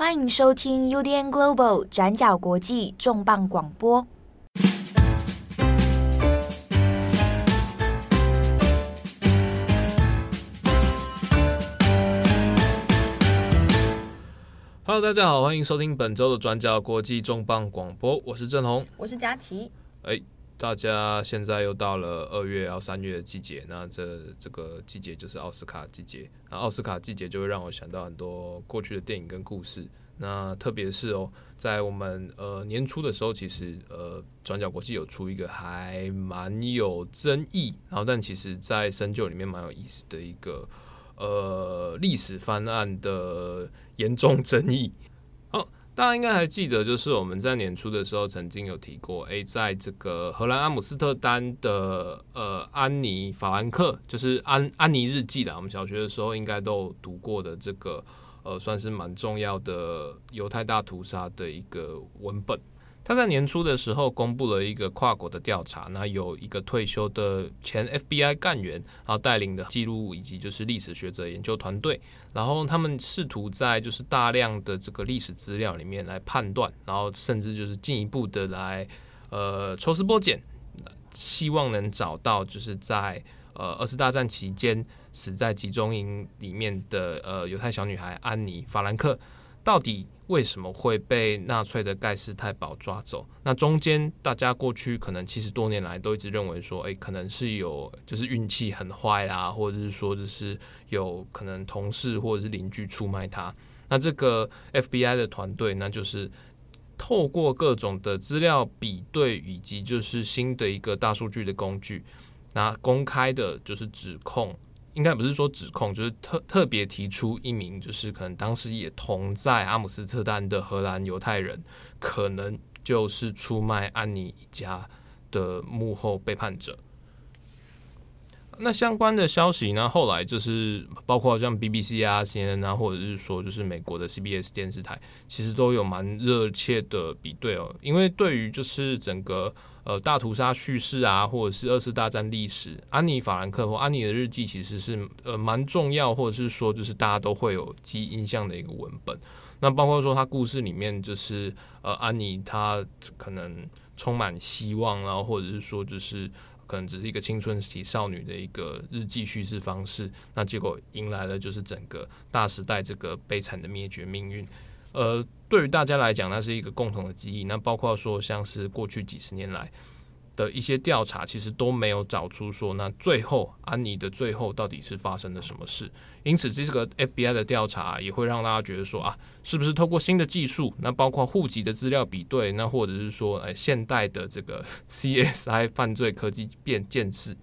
歡迎收聽 UDN Global 轉角國際重磅廣播。Hello，大家好，歡迎收聽本周的轉角國際重磅廣播，我是鎮宏，我是佳琦，hey. 大家現在又到了二月，然後三月的季節，那這這個季節就是奧斯卡季節。那奧斯卡季節就會讓我想到很多過去的電影跟故事。那特別是哦，在我們呃年初的時候，其實呃，轉角國際有出一個還蠻有爭議，然後但其實在深究裡面蠻有意思的一個呃歷史翻案的嚴重爭議。大家應該還記得，就是我們在年初的時候曾經有提過，誒、欸，在這個荷蘭阿姆斯特丹的呃，安妮·法蘭克，就是安《安安妮日記》的，我們小學的時候應該都讀過的這個，呃，算是蠻重要的猶太大屠殺的一個文本。他在年初的時候公布了一個跨國的調查，那有一個退休的前 FBI 幹員，然後帶領的記錄以及就是歷史學者研究團隊，然後他們試圖在就是大量的這個歷史資料裡面來判斷，然後甚至就是進一步的來呃抽絲剝繭，希望能找到就是在呃二次大戰期間死在集中營裡面的呃猶太小女孩安妮·法蘭克，到底為什麼會被納粹的蓋世太保抓走？那中間大家過去可能70多年來都一直認為說，哎、欸，可能是有就是運氣很壞啊，或者是說就是有可能同事或者是鄰居出賣他。那這個 FBI 的團隊，那就是透過各種的資料比對，以及就是新的一個大數據的工具，那公開的就是指控。應該不是說指控，就是特特別提出一名，就是可能當時也同在阿姆斯特丹的荷蘭猶太人，可能就是出賣安妮一家的幕後背叛者。那相關的消息呢，後來就是包括像 BBC 啊、CNN 啊，或者是說就是美國的 CBS 電視台，其實都有蠻熱切的比對哦，因為對於就是整個。呃，大屠殺敘事啊，或者是二次大戰歷史，安妮·法蘭克、或安妮的日記，其實是呃蠻重要，或者是說就是大家都會有記憶印象的一個文本。那包括說她故事裡面，就是呃安妮她可能充滿希望啊，或者是說就是可能只是一個青春期少女的一個日記敘事方式，那結果迎來了就是整個大時代這個悲慘的滅絕命運。呃，對於大家來講，那是一個共同的記憶。那包括說，像是過去幾十年來的一些調查，其實都沒有找出說，那最後安妮、啊、的最後到底是發生了什麼事。因此，這個 FBI 的調查也會讓大家覺得說，啊，是不是透過新的技術，那包括戶籍的資料比對，那或者是說，哎，現代的這個 CSI 犯罪科技變鑑識，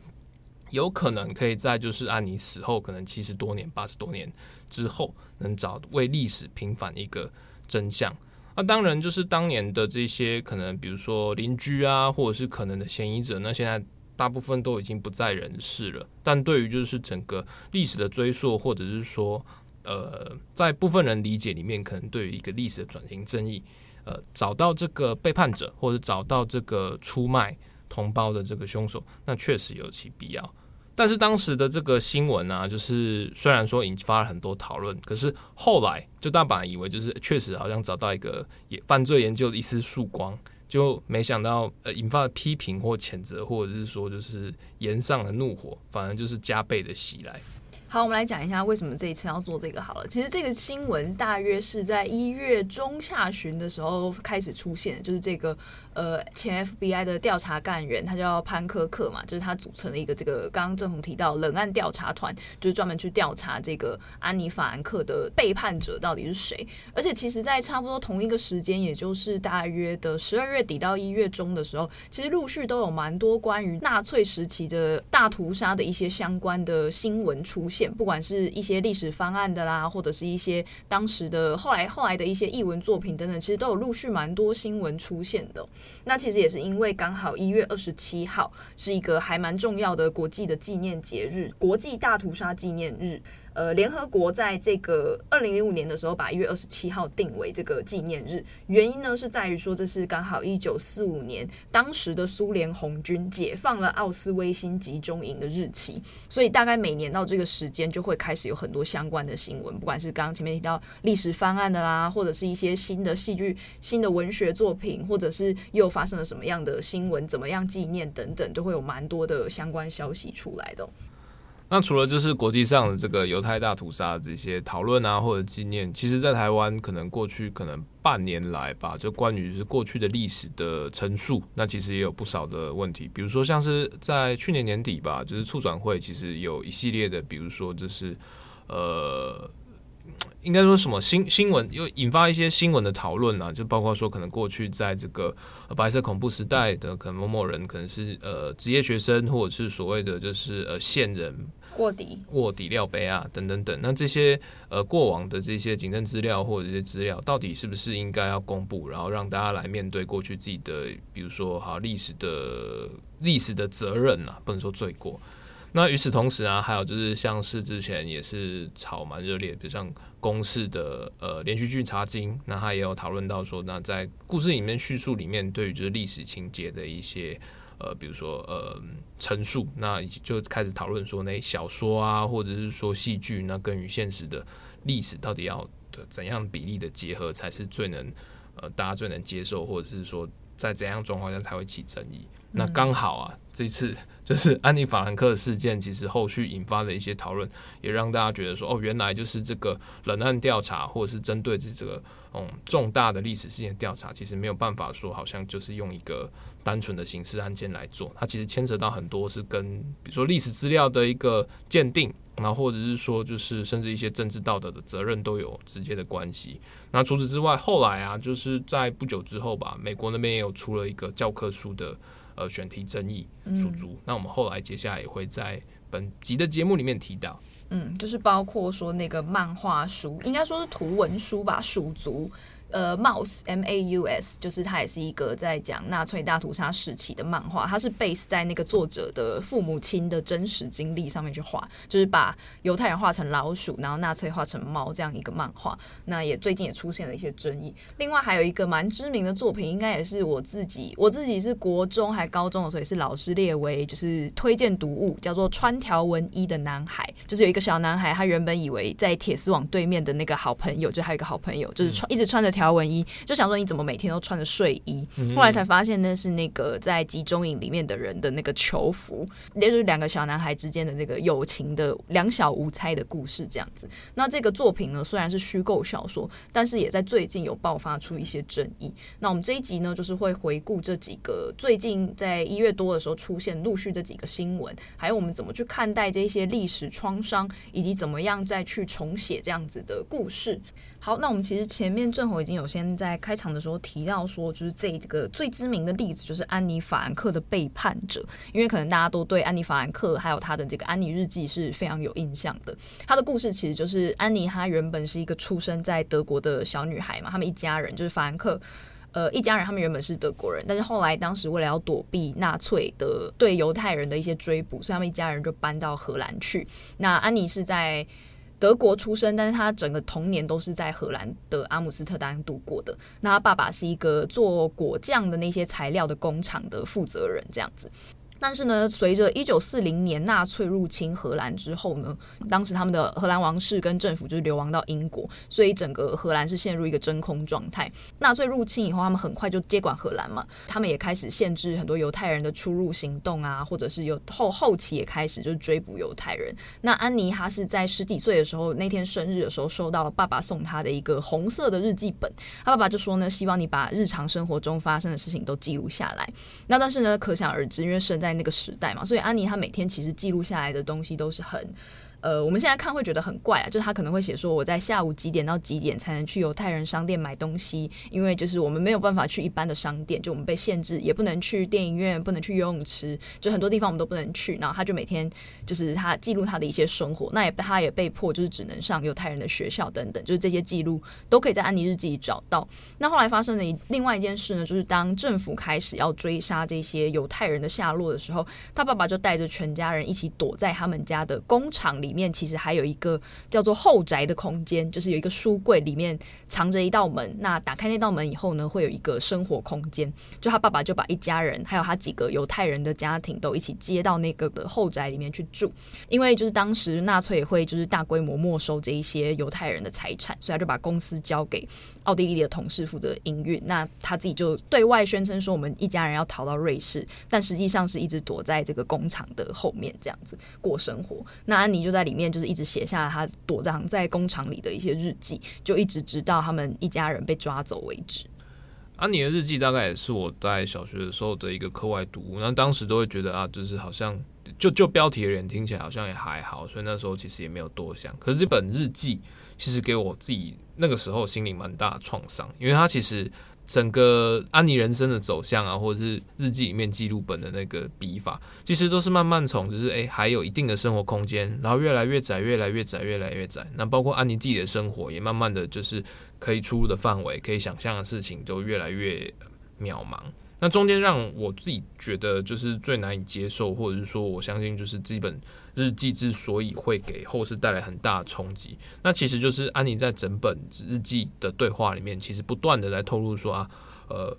有可能可以在就是安妮死後可能七十多年、八十多年。之後能找為歷史平反一個真相啊，那當然就是當年的這些可能，比如說鄰居啊，或者是可能的嫌疑者，那現在大部分都已經不在人世了。但對於就是整個歷史的追溯，或者是說，呃，在部分人理解裡面，可能對於一個歷史的轉型正義，呃，找到這個背叛者，或者找到這個出賣同胞的這個兇手，那確實有其必要。但是當時的這個新聞啊，就是雖然說引發了很多討論，可是後來就大把以為就是確實好像找到一個也犯罪研究的一絲曙光，就沒想到呃引發了批評或譴責，或者是說就是延上的怒火，反而就是加倍的襲來。好，我們來講一下為什麼這一次要做這個好了。其實這個新聞大約是在一月中下旬的時候開始出現的，就是這個呃前 FBI 的調查幹員，他叫潘科克嘛，就是他組成了一個這個剛剛鎮宏提到冷案調查團，就是專門去調查這個安妮法蘭克的背叛者到底是誰。而且其實，在差不多同一個時間，也就是大約的十二月底到一月中的時候，其實陸續都有蠻多關於納粹時期的大屠殺的一些相關的新聞出現。不管是一些歷史方案的啦，或者是一些當時的後來後來的一些藝文作品等等，其實都有陸續蠻多新聞出現的。那其實也是因為剛好一月二十七號是一個還蠻重要的國際的紀念節日——國際大屠殺紀念日。呃，聯合國在這個二零零五年的時候，把一月二十七號定為這個紀念日，原因呢是在於說，這是剛好一九四五年當時的蘇聯紅軍解放了奧斯威辛集中營的日期，所以大概每年到這個時間就會開始有很多相關的新聞，不管是剛剛前面提到歷史翻案的啦，或者是一些新的戲劇、新的文學作品，或者是又發生了什麼樣的新聞，怎麼樣紀念等等，都會有蠻多的相關消息出來的喔。那除了就是國際上的這個猶太大屠殺這些討論啊，或者紀念，其實，在台灣可能過去可能半年來吧，就關於是過去的歷史的陳述，那其實也有不少的問題，比如說像是在去年年底吧，就是促轉會其實有一系列的，比如說就是呃，應該說什麼新新聞又引發一些新聞的討論啊，就包括說可能過去在這個白色恐怖時代的可能某某人可能是呃職業學生，或者是所謂的就是呃線人。臥底、臥底料杯啊，等等等。那這些呃過往的這些警政資料或者這些資料，到底是不是應該要公布，然後讓大家來面對過去自己的，比如說好歷、啊、史的歷史的責任啊，不能說罪過。那與此同時啊，還有就是像是之前也是炒蠻熱烈的，比如像公視的呃連續劇《茶金》，那他也有討論到說，那在故事裡面敘述裡面對於就是歷史情節的一些。呃，比如說呃，陳述，那就開始討論說，那些小說啊，或者是說戲劇，那跟與現實的歷史到底要、呃、怎樣比例的結合才是最能呃，大家最能接受，或者是說在怎樣狀況下才會起爭議？嗯、那剛好啊，這次就是安妮法蘭克事件，其實後續引發的一些討論，也讓大家覺得說，哦，原來就是這個冷案調查，或者是針對這這個嗯重大的歷史事件的調查，其實沒有辦法說，好像就是用一個。單純的刑事案件來做，它其實牽扯到很多是跟，比如說歷史資料的一個鑑定，然後或者是說就是甚至一些政治道德的責任都有直接的關係。那除此之外，後來啊，就是在不久之後吧，美國那邊也有出了一個教科書的呃選題爭議，鼠族。嗯、那我們後來接下來也會在本集的節目裡面提到，嗯，就是包括說那個漫畫書，應該說是圖文書吧，鼠族。呃，Maus M A U S，就是它也是一個在講納粹大屠殺時期的漫畫，它是 base 在那個作者的父母親的真實經歷上面去畫，就是把猶太人畫成老鼠，然後納粹畫成貓這樣一個漫畫。那也最近也出現了一些爭議。另外還有一個蠻知名的作品，應該也是我自己，我自己是國中還高中的時候，也是老師列為就是推薦讀物，叫做《穿條紋衣的男孩》，就是有一個小男孩，他原本以為在鐵絲網對面的那個好朋友，就還有一個好朋友，就是穿一直穿着。條紋衣，就想說你怎麼每天都穿着睡衣？嗯嗯，後來才發現那是那個在集中營裡面的人的那個囚服，也就是兩個小男孩之間的那個友情的兩小無猜的故事這樣子。那這個作品呢，雖然是虛構小說，但是也在最近有爆發出一些爭議。那我們這一集呢，就是會回顧這幾個最近在一月多的時候出現陸續這幾個新聞，還有我們怎麼去看待這些歷史創傷，以及怎麼樣再去重寫這樣子的故事。好，那我們其實前面鎮宏已經有先在開場的時候提到說，就是這個最知名的例子就是安妮·法蘭克的背叛者，因為可能大家都對安妮·法蘭克還有她的這個《安妮日記》是非常有印象的。她的故事其實就是安妮，她原本是一個出生在德國的小女孩嘛，他們一家人就是法蘭克，呃，一家人他們原本是德國人，但是後來當時為了要躲避納粹的對猶太人的一些追捕，所以他們一家人就搬到荷蘭去。那安妮是在。德國出生，但是他整個童年都是在荷蘭的阿姆斯特丹度過的。那他爸爸是一個做果醬的那些材料的工廠的負責人，這樣子。但是呢，隨着一九四零年納粹入侵荷蘭之後呢，當時他們的荷蘭王室跟政府就是流亡到英國，所以整個荷蘭是陷入一個真空狀態。納粹入侵以後，他們很快就接管荷蘭嘛，他們也開始限制很多猶太人的出入行動啊，或者是有後後期也開始就是追捕猶太人。那安妮她是在十幾歲的時候，那天生日的時候，收到了爸爸送她的一個紅色的日記本，她爸爸就說呢，希望你把日常生活中發生的事情都記錄下來。那但是呢，可想而知，因為生在在那個時代嘛，所以安妮她每天其實記錄下來的東西都是很。呃，我們現在看會覺得很怪啊，就是他可能會寫說我在下午幾點到幾點才能去猶太人商店買東西，因為就是我們沒有辦法去一般的商店，就我們被限制，也不能去電影院，不能去游泳池，就很多地方我們都不能去。然後他就每天就是他記錄他的一些生活，那也他也被迫就是只能上猶太人的學校等等，就是這些記錄都可以在安妮日記裡找到。那後來發生了一，另外一件事呢，就是當政府開始要追殺這些猶太人的下落的時候，他爸爸就帶着全家人一起躲在他們家的工廠裡。裡面其實還有一個叫做後宅的空間，就是有一個書櫃，裡面藏着一道門。那打開那道門以後呢，會有一個生活空間。就他爸爸就把一家人，還有他幾個猶太人的家庭，都一起接到那個的後宅裡面去住。因為就是當時納粹也會就是大規模沒收這一些猶太人的財產，所以他就把公司交給奧地利的同事負責營運。那他自己就對外宣稱說，我們一家人要逃到瑞士，但實際上是一直躲在這個工廠的後面，這樣子過生活。那安妮就在。在裡面就是一直寫下了他躲藏在工廠裡的一些日記，就一直直到他們一家人被抓走為止。安妮的日記大概也是我在小學的時候的一個課外讀物，那當時都會覺得啊，就是好像就就標題的人聽起來好像也還好，所以那時候其實也沒有多想。可是這本日記其實給我自己那個時候心裡蠻大的創傷，因為他其實。整個安妮人生的走向啊，或者是日記裡面記錄本的那個筆法，其實都是慢慢從就是哎、欸，還有一定的生活空間，然後越來越窄，越來越窄，越來越窄。那包括安妮自己的生活，也慢慢的就是可以出入的範圍，可以想象的事情都越來越渺茫。那中間讓我自己覺得就是最難以接受，或者是說我相信就是這本日記之所以會給後世帶來很大的衝擊，那其實就是安妮在整本日記的對話裡面，其實不斷的來透露說啊，呃。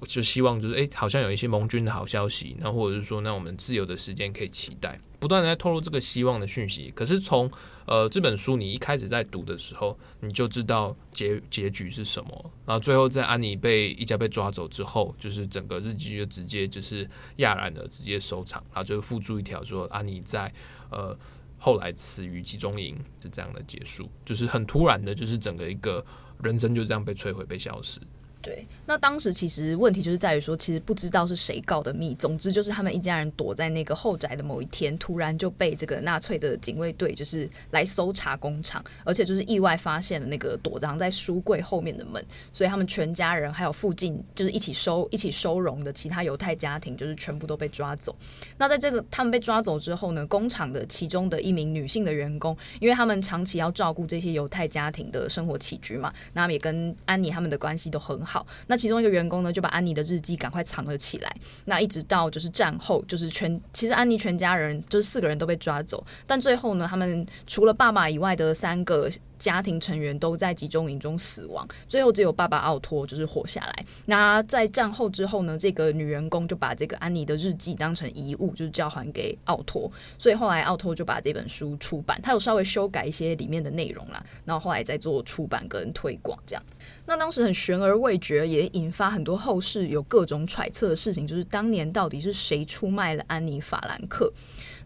我就希望就是哎、欸，好像有一些盟軍的好消息，那或者是說，那我們自由的時間可以期待，不斷的在透露這個希望的訊息。可是從呃這本書你一開始在讀的時候，你就知道結結局是什麼。然後最後在安妮被一家被抓走之後，就是整個日記就直接就是啞然的直接收場，然後就附注一條說安妮、啊、在呃後來死於集中營，是這樣的結束，就是很突然的，就是整個一個人生就這樣被摧毀、被消失。對，那當時其實問題就是在於說，其實不知道是誰告的密。總之就是他們一家人躲在那個後宅的某一天，突然就被這個納粹的警衛隊就是來搜查工廠，而且就是意外發現了那個躲藏在書櫃後面的門，所以他們全家人還有附近就是一起收一起收容的其他猶太家庭，就是全部都被抓走。那在這個他們被抓走之後呢，工廠的其中的一名女性的員工，因為他們長期要照顧這些猶太家庭的生活起居嘛，那他們也跟安妮他們的關係都很好。好，那其中一個員工呢，就把安妮的日記趕快藏了起來。那一直到就是戰後，就是全其實安妮全家人就是四個人都被抓走，但最後呢，他們除了爸爸以外的三個家庭成員都在集中營中死亡，最後只有爸爸奧托就是活下來。那在戰後之後呢，這個女員工就把這個安妮的日記當成遺物，就是交還給奧托。所以後來奧托就把這本書出版，他有稍微修改一些裡面的內容啦。然後後來再做出版跟推廣這樣子。那當時很懸而未決，也引發很多後世有各種揣測的事情，就是當年到底是誰出賣了安妮·法蘭克？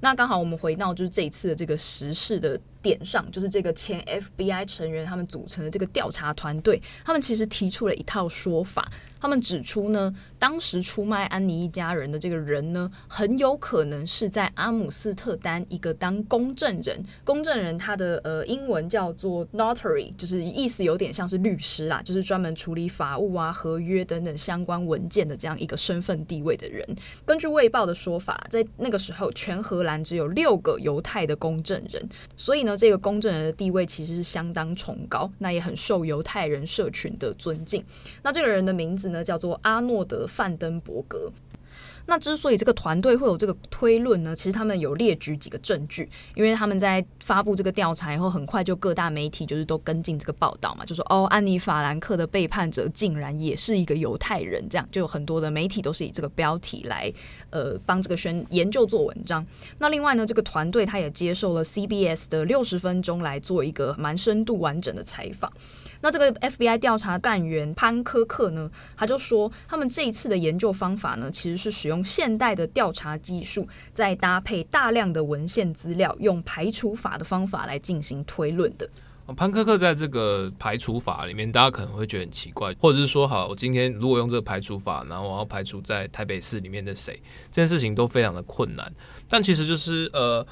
那剛好我們回到就是這一次的這個時事的。點上就是這個前 FBI 成員他們組成的這個調查團隊，他們其實提出了一套說法，他們指出呢，當時出賣安妮一家人的這個人呢，很有可能是在阿姆斯特丹一個當公證人，公證人他的呃英文叫做 Notary，就是意思有點像是律師啦，就是專門處理法務啊、合約等等相關文件的這樣一個身份地位的人。根據《衛報》的說法，在那個時候，全荷蘭只有六個猶太的公證人，所以呢。這個公證人的地位其實是相當崇高，那也很受猶太人社群的尊敬。那這個人的名字呢，叫做阿諾德·范登伯格。那之所以這個團隊會有這個推論呢，其實他們有列舉幾個證據，因為他們在發布這個調查以後，很快就各大媒體就是都跟進這個報道嘛，就說哦，安妮·法蘭克的背叛者竟然也是一個猶太人，這樣就有很多的媒體都是以這個標題來呃幫這個宣研究做文章。那另外呢，這個團隊他也接受了 CBS 的六十分鐘來做一個蠻深度完整的採訪。那這個 FBI 調查幹員潘科克呢，他就說他們這一次的研究方法呢，其實是使用。從現代的調查技術，再搭配大量的文獻資料，用排除法的方法來進行推論的。潘克克在這個排除法裡面，大家可能會覺得很奇怪，或者是說，好，我今天如果用這個排除法，然後我要排除在台北市裡面的誰，這件事情都非常的困難。但其實就是呃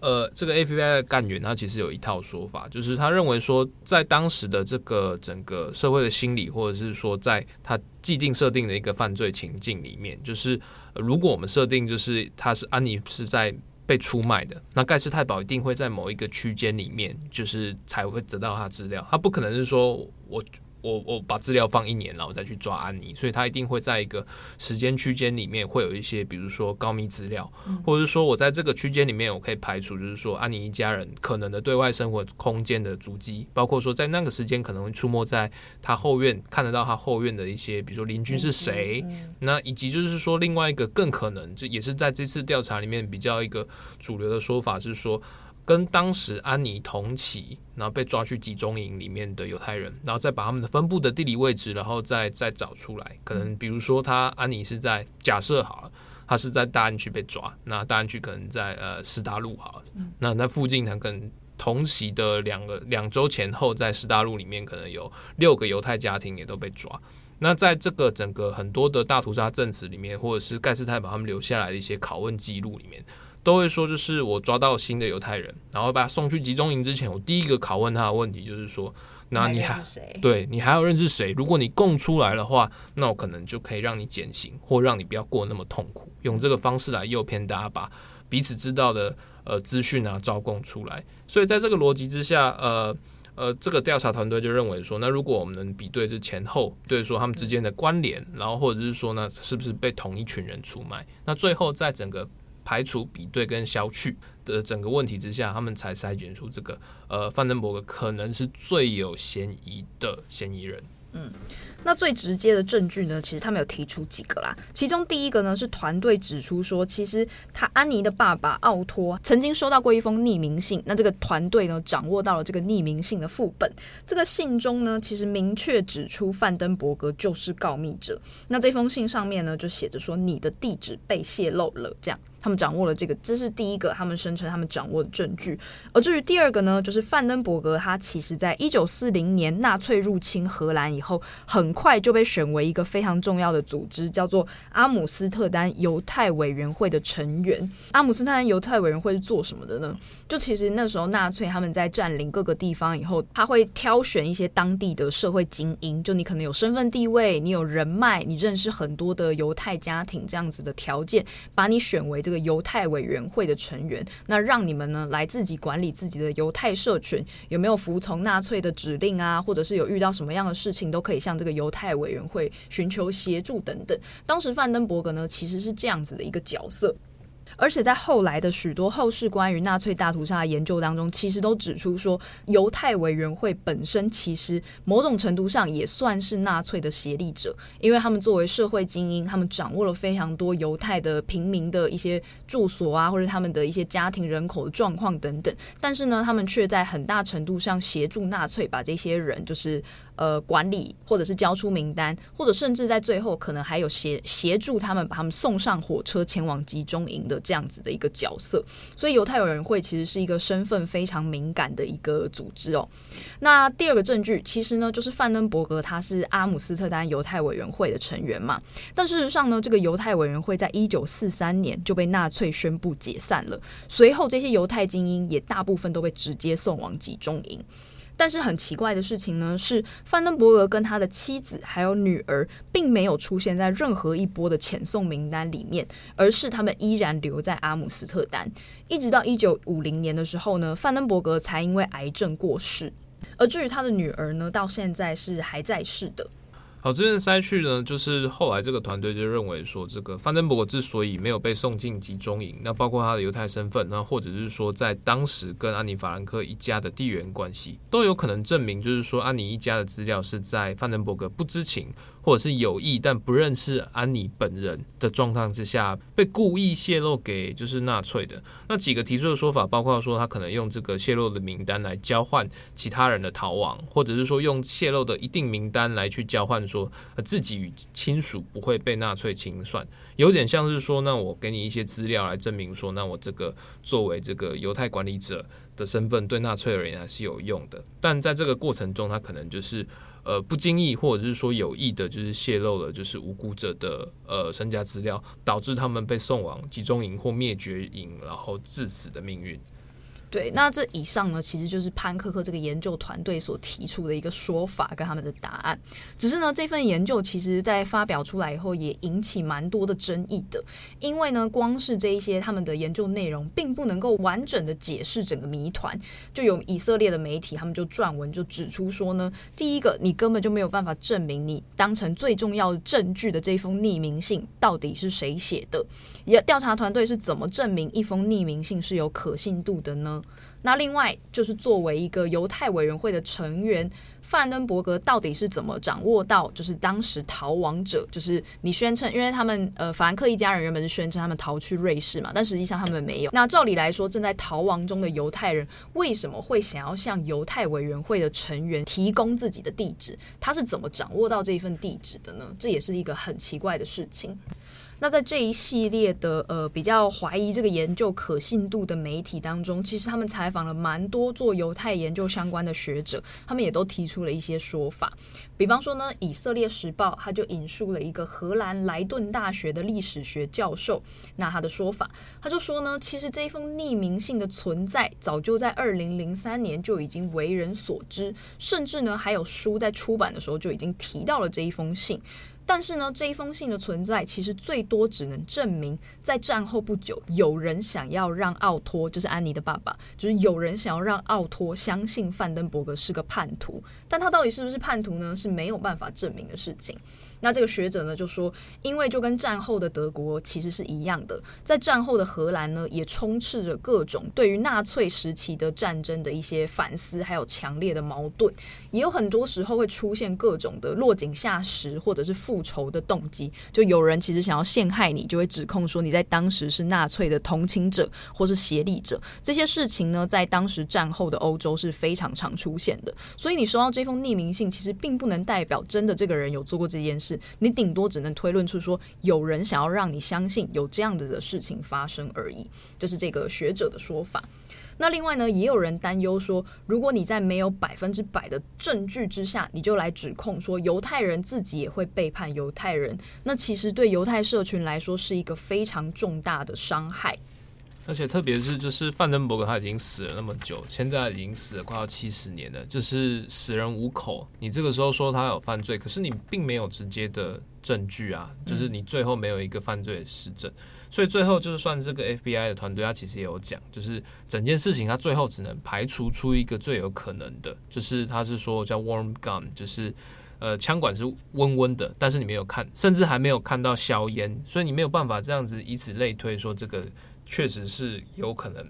呃，這個 FBI 的幹員他其實有一套說法，就是他認為說，在當時的這個整個社會的心理，或者是說在他既定設定的一個犯罪情境裡面，就是。如果我們設定就是他是安妮、啊、是在被出賣的，那蓋世太保一定會在某一個區間裡面，就是才會得到他資料，他不可能是說我。我我把資料放一年了，我再去抓安妮，所以他一定會在一個時間區間裡面會有一些，比如說高密資料，或者是說我在這個區間裡面我可以排除，就是說安妮一家人可能的對外生活空間的足跡，包括說在那個時間可能出沒在他後院、看得到他後院的一些，比如說鄰居是誰，嗯嗯、那以及就是說另外一個更可能，這也是在這次調查裡面比較一個主流的說法是說，跟當時安妮同期，然後被抓去集中營裡面的猶太人，然後再把他們的分布的地理位置，然後再再找出來。可能比如說，他安妮是在假設好了，他是在大安區被抓，那大安區可能在呃斯大路好了，嗯、那那附近他可能同期的兩個兩週前後，在斯大路裡面可能有六個猶太家庭也都被抓。那在這個整個很多的大屠殺證詞裡面，或者是蓋世太保把他們留下來的一些拷問記錄裡面，都會說，就是我抓到新的猶太人，然後把他送去集中營之前，我第一個拷問他的問題就是說，那你還，你還誰？對，你還要認識誰？如果你供出來的話，那我可能就可以讓你減刑或讓你不要過那麼痛苦，用這個方式來誘騙大家把彼此知道的呃資訊啊招供出來。所以在這個邏輯之下，呃呃，這個調查團隊就認為說，那如果我們能比對這前後，對說他們之間的關聯，然後或者是說呢，是不是被同一群人出賣？那最後在整個。排除比對跟消去的整個問題之下，他們才篩選出這個呃范登伯格可能是最有嫌疑的嫌疑人。嗯，那最直接的證據呢，其實他們有提出幾個啦。其中第一個呢是團隊指出說，其實他安妮的爸爸奧托曾經收到過一封匿名信，那這個團隊呢掌握到了這個匿名信的副本。這個信中呢，其實明確指出范登伯格就是告密者。那這封信上面呢就寫着說：“你的地址被泄露了。”這樣。他們掌握了這個，這是第一個。他們聲稱他們掌握的證據。而至於第二個呢，就是范登伯格，他其實在一九四零年納粹入侵荷蘭以後，很快就被選為一個非常重要的組織，叫做阿姆斯特丹猶太委員會的成員。阿姆斯特丹猶太委員會是做什麼的呢？就其實那時候納粹他們在佔領各個地方以後，他會挑選一些當地的社會精英，就你可能有身份地位，你有人脈，你認識很多的猶太家庭這樣子的條件，把你選為這個。這個猶太委員會的成員，那讓你們呢來自己管理自己的猶太社群，有沒有服從納粹的指令啊，或者是有遇到什麼樣的事情，都可以向這個猶太委員會尋求協助等等。當時范登伯格呢，其實是這樣子的一個角色。而且在後來的許多後世關於納粹大屠殺的研究當中，其實都指出說，猶太委員會本身其實某種程度上也算是納粹的協力者，因為他們作為社會精英，他們掌握了非常多猶太的平民的一些住所啊，或者他們的一些家庭人口的狀況等等，但是呢，他們卻在很大程度上協助納粹把這些人就是。呃，管理或者是交出名單，或者甚至在最後可能還有協協助他們把他們送上火車前往集中營的這樣子的一個角色。所以猶太委員會其實是一個身份非常敏感的一個組織哦。那第二個證據其實呢，就是范登伯格他是阿姆斯特丹猶太委員會的成員嘛，但事實上呢，這個猶太委員會在一九四三年就被納粹宣布解散了，隨後這些猶太精英也大部分都被直接送往集中營。但是很奇怪的事情呢，是范登伯格跟他的妻子還有女兒並沒有出現在任何一波的遣送名單裡面，而是他們依然留在阿姆斯特丹，一直到一九五零年的時候呢，范登伯格才因為癌症過世。而至於他的女兒呢，到現在是還在世的。好，這件塞去呢，就是後來這個團隊就認為說，這個范登伯格之所以沒有被送進集中營，那包括他的猶太身份，那或者是說在當時跟安妮·法蘭克一家的地緣關係，都有可能證明，就是說安妮一家的資料是在范登伯格不知情，或者是有意但不認識安妮本人的狀況之下，被故意洩露給就是納粹的。那幾個提出的說法，包括說他可能用這個洩露的名單來交換其他人的逃亡，或者是說用洩露的一定名單來去交換說自己與親屬不會被納粹清算，有點像是說那我給你一些資料來證明說那我這個作為這個猶太管理者的身份對納粹而言還是有用的，但在這個過程中他可能就是。呃，不經意或者是說有意的，就是洩露了就是無辜者的呃身家資料，導致他們被送往集中營或滅絕營，然後致死的命運。對，那這以上呢，其實就是潘克克這個研究團隊所提出的一個說法跟他們的答案。只是呢，這份研究其實在發表出來以後，也引起蠻多的爭議的。因為呢，光是這一些他們的研究內容，並不能夠完整的解釋整個謎團。就有以色列的媒體，他們就撰文就指出說呢，第一個，你根本就沒有辦法證明你當成最重要證據的這封匿名信到底是誰寫的，也調查團隊是怎麼證明一封匿名信是有可信度的呢？那另外就是作為一個猶太委員會的成員，范恩伯格到底是怎麼掌握到，就是當時逃亡者，就是你宣稱，因為他們呃，法蘭克一家人原本是宣稱他們逃去瑞士嘛，但實際上他們沒有。那照理來說，正在逃亡中的猶太人為什麼會想要向猶太委員會的成員提供自己的地址？他是怎麼掌握到這一份地址的呢？這也是一個很奇怪的事情。那在這一系列的呃比較懷疑這個研究可信度的媒體當中，其實他們採訪了蠻多做猶太研究相關的學者，他們也都提出了一些說法。比方說呢，《以色列時報》他就引述了一個荷蘭萊頓大學的歷史學教授，那他的說法，他就說呢，其實這一封匿名信的存在早就在二零零三年就已經為人所知，甚至呢還有書在出版的時候就已經提到了這一封信。但是呢，這一封信的存在，其實最多只能證明，在戰後不久，有人想要讓奧托，就是安妮的爸爸，就是有人想要讓奧托相信范登伯格是個叛徒。但他到底是不是叛徒呢？是沒有辦法證明的事情。那這個學者呢就說，因為就跟戰後的德國其實是一樣的，在戰後的荷蘭呢也充斥着各種對於納粹時期的戰爭的一些反思，還有強烈的矛盾，也有很多時候會出現各種的落井下石或者是復仇的動機，就有人其實想要陷害你，就會指控說你在當時是納粹的同情者或是協力者，這些事情呢在當時戰後的歐洲是非常常出現的，所以你收到這封匿名信，其實並不能代表真的這個人有做過這件事。你頂多只能推論出說有人想要讓你相信有這樣子的事情發生而已，這、就是這個學者的說法。那另外呢，也有人擔憂說，如果你在沒有百分之百的證據之下，你就來指控說猶太人自己也會背叛猶太人，那其實對猶太社群來說是一個非常重大的傷害。而且特別是就是范登伯格，他已經死了那麼久，現在已經死了快要七十年了，就是死人無口。你這個時候說他有犯罪，可是你並沒有直接的證據啊，就是你最後沒有一個犯罪的實證。嗯、所以最後就是算這個 FBI 的團隊，他其實也有講，就是整件事情他最後只能排除出一個最有可能的，就是他是說叫 warm gun，就是呃槍管是溫溫的，但是你沒有看，甚至還沒有看到硝煙，所以你沒有辦法這樣子以此類推說這個。確實是有可能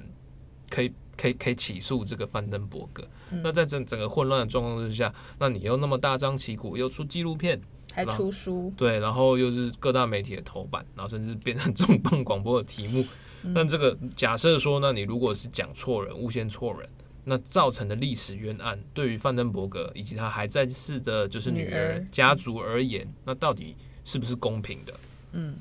可以可以可以起訴這個范登伯格。嗯、那在這整，整個混亂的狀況之下，那你又那麼大張旗鼓，又出紀錄片，還出書，對，然後又是各大媒體的頭版，然後甚至變成重磅廣播的題目。嗯、那這個假設說，那你如果是講錯人，誣陷錯人，那造成的歷史冤案，對於范登伯格以及他還在世的就是女兒，女兒家族而言，嗯、那到底是不是公平的？嗯。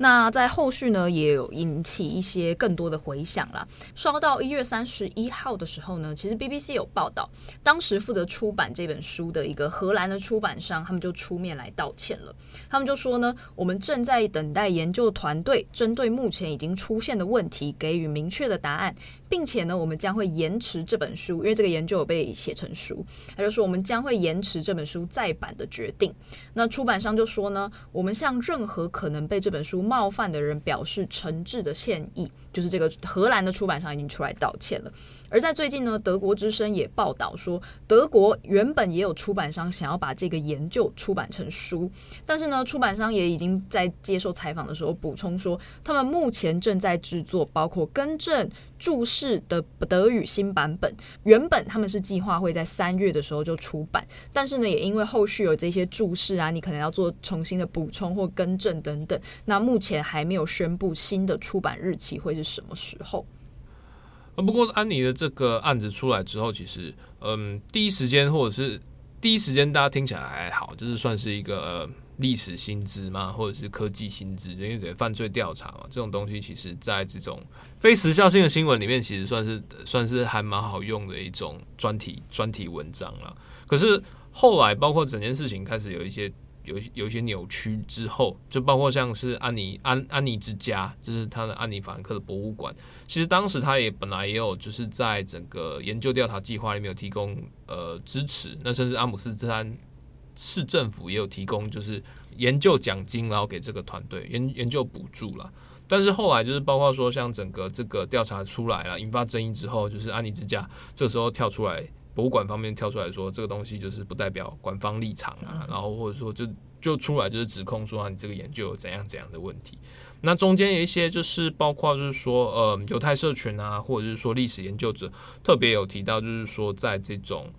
那在後續呢，也有引起一些更多的迴響啦。刷到一月三十一號的時候呢，其實 BBC 有報道，當時負責出版這本書的一個荷蘭的出版商，他們就出面來道歉了。他們就說呢，我們正在等待研究團隊針對目前已經出現的問題給予明確的答案。並且呢，我們將會延遲這本書，因為這個研究有被寫成書，也就是說，我們將會延遲這本書再版的決定。那出版商就說呢，我們向任何可能被這本書冒犯的人表示誠摯的歉意。就是這個荷蘭的出版商已經出來道歉了。而在最近呢，德國之聲也報道說，德國原本也有出版商想要把這個研究出版成書，但是呢，出版商也已經在接受採訪的時候補充說，他們目前正在制作，包括更正。註釋的德語新版本，原本他們是計劃會在三月的時候就出版，但是呢，也因為後續有這些註釋啊，你可能要做重新的補充或更正等等，那目前還沒有宣布新的出版日期會是什麼時候？嗯，不過安妮的這個案子出來之後，其實，嗯，第一時間或者是第一時間，大家聽起來還好，就是算是一個。嗯歷史新知嘛，或者是科技新知，人員的犯罪調查嘛，這種東西其實，在這種非時效性的新聞裡面，其實算是算是還蠻好用的一種專題專題文章了。可是後來，包括整件事情開始有一些有有一些扭曲之後，就包括像是安妮安安妮之家，就是他的安妮法蘭克的博物館，其實當時他也本來也有就是在整個研究調查計劃裡面有提供呃支持，那甚至阿姆斯特丹。市政府也有提供，就是研究獎金，然後給這個團隊研研究補助了。但是後來就是包括說，像整個這個調查出來了，引發爭議之後，就是安妮之家這時候跳出來，博物館方面跳出來說，這個東西就是不代表官方立場啊。然後或者說就就出來就是指控說，啊，你這個研究有怎樣怎樣的問題。那中間有一些就是包括就是說，呃，猶太社群啊，或者是說歷史研究者特別有提到，就是說在這種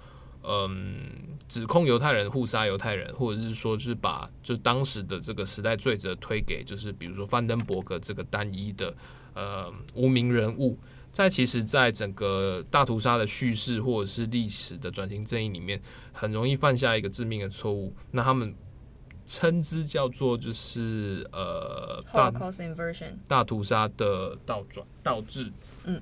嗯。呃指控猶太人互殺猶太人，或者是說，是把就當時的這個時代罪責推給，就是比如說范登伯格這個單一的呃無名人物，在其實，在整個大屠殺的敘事或者是歷史的轉型正義裡面，很容易犯下一個致命的錯誤。那他們稱之叫做就是呃大大屠殺的倒轉倒置，嗯。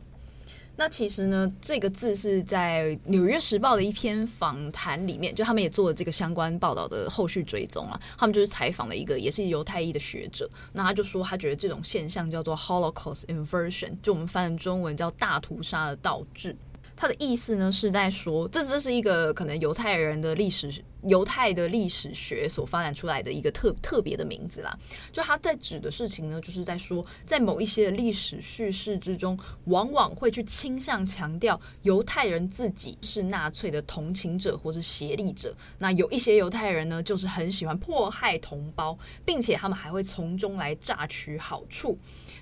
那其實呢，這個字是在《紐約時報》的一篇訪談裡面，就他們也做了這個相關報道的後續追蹤啊，他們就是採訪了一個也是猶太裔的學者，那他就說他覺得這種現象叫做 “Holocaust Inversion”，就我們翻譯中文叫“大屠殺的倒置”。他的意思呢是在說，這只是一個可能猶太人的歷史。猶太的歷史學所發展出來的一個特特別的名字啦，就他在指的事情呢，就是在說，在某一些歷史敘事之中，往往會去傾向強調猶太人自己是納粹的同情者或是協力者。那有一些猶太人呢，就是很喜歡迫害同胞，並且他們還會從中來榨取好處。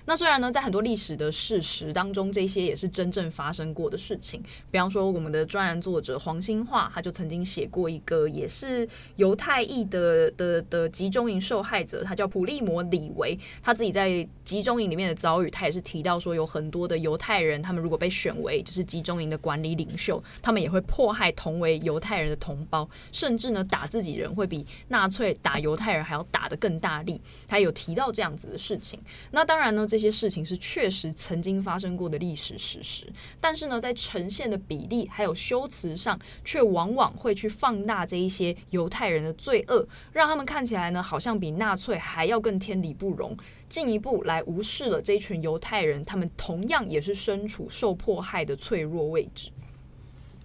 那雖然呢，在很多歷史的事實當中，這些也是真正發生過的事情。比方說，我們的專欄作者黃興化他就曾經寫過一個也。是猶太裔的的的集中營受害者，他叫普利摩李維，他自己在集中營裡面的遭遇，他也是提到說有很多的猶太人，他們如果被選為就是集中營的管理領袖，他們也會迫害同為猶太人的同胞，甚至呢打自己人會比納粹打猶太人還要打得更大力，他有提到這樣子的事情。那當然呢，這些事情是確實曾經發生過的歷史事實，但是呢，在呈現的比例還有修辭上，卻往往會去放大這一。些猶太人的罪惡，讓他們看起來呢，好像比納粹還要更天理不容，進一步來無視了這一群猶太人，他們同樣也是身處受迫害的脆弱位置。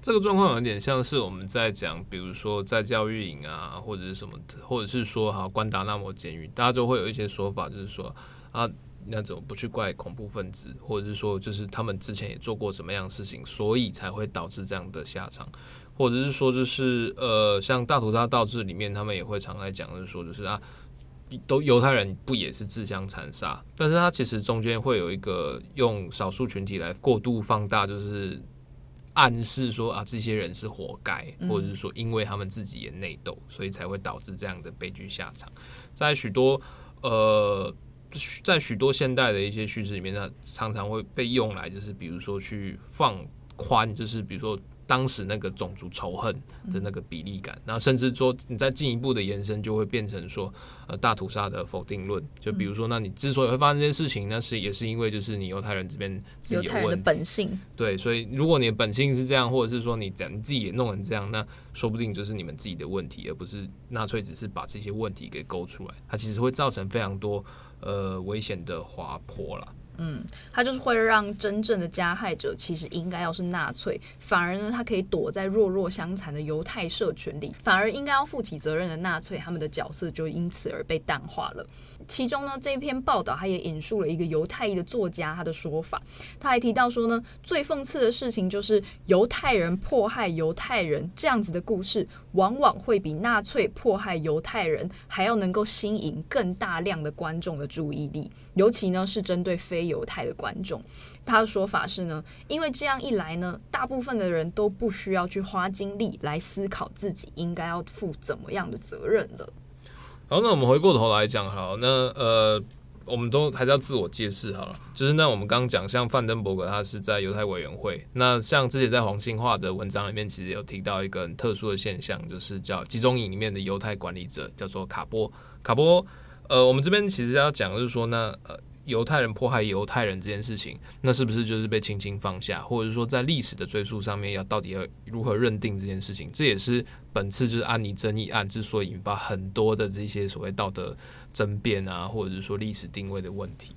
這個狀況有點像是我們在講，比如說在教育營啊，或者是什麼，或者是說，哈，關達納摩監獄，大家都會有一些說法，就是說啊，那怎麼不去怪恐怖分子，或者是說，就是他們之前也做過什麼樣的事情，所以才會導致這樣的下場。或者是說，就是呃，像大屠殺倒置裡面，他們也會常來講，就是說，就是啊，都猶太人不也是自相殘殺？但是他其實中間會有一個用少數群體來過度放大，就是暗示說啊，這些人是活該，或者是說，因為他們自己也內鬥，所以才會導致這樣的悲劇下場。在許多呃，在許多現代的一些敘事裡面，他常常會被用來，就是比如說去放寬，就是比如說。當時那個種族仇恨的那個比例感，嗯、那甚至說，你再進一步的延伸，就會變成說，呃，大屠殺的否定論。就比如說，那你之所以會發生這些事情，那是也是因為就是你猶太人這邊自己的問題，猶太人的本性。對，所以如果你的本性是這樣，或者是說你你自己也弄成這樣，那說不定就是你們自己的問題，而不是納粹只是把這些問題給勾出來。它其實會造成非常多呃危險的滑坡了。嗯，他就是會讓真正的加害者其實應該要是納粹，反而呢，他可以躲在弱弱相殘的猶太社群裡，反而應該要負起責任的納粹，他們的角色就因此而被淡化了。其中呢，這篇報道，他也引述了一個猶太裔的作家他的說法，他還提到說呢，最諷刺的事情就是猶太人迫害猶太人這樣子的故事，往往會比納粹迫害猶太人還要能夠吸引更大量的觀眾的注意力，尤其呢是針對非猶太的觀眾。他的說法是呢，因為這樣一來呢，大部分的人都不需要去花精力來思考自己應該要負怎麼樣的責任了。好，那我們回過頭來講，好，那呃，我們都還是要自我揭示好了。就是那我們剛剛講，像范登伯格，他是在猶太委員會。那像之前在黃興化的文章裡面，其實有提到一個很特殊的現象，就是叫集中營裡面的猶太管理者，叫做卡波。卡波，呃，我們這邊其實要講，就是說那呃。猶太人迫害猶太人這件事情，那是不是就是被輕輕放下，或者是說在歷史的追溯上面要到底要如何認定這件事情？這也是本次就是安妮爭議案之所以引發很多的這些所謂道德爭辯啊，或者是說歷史定位的問題。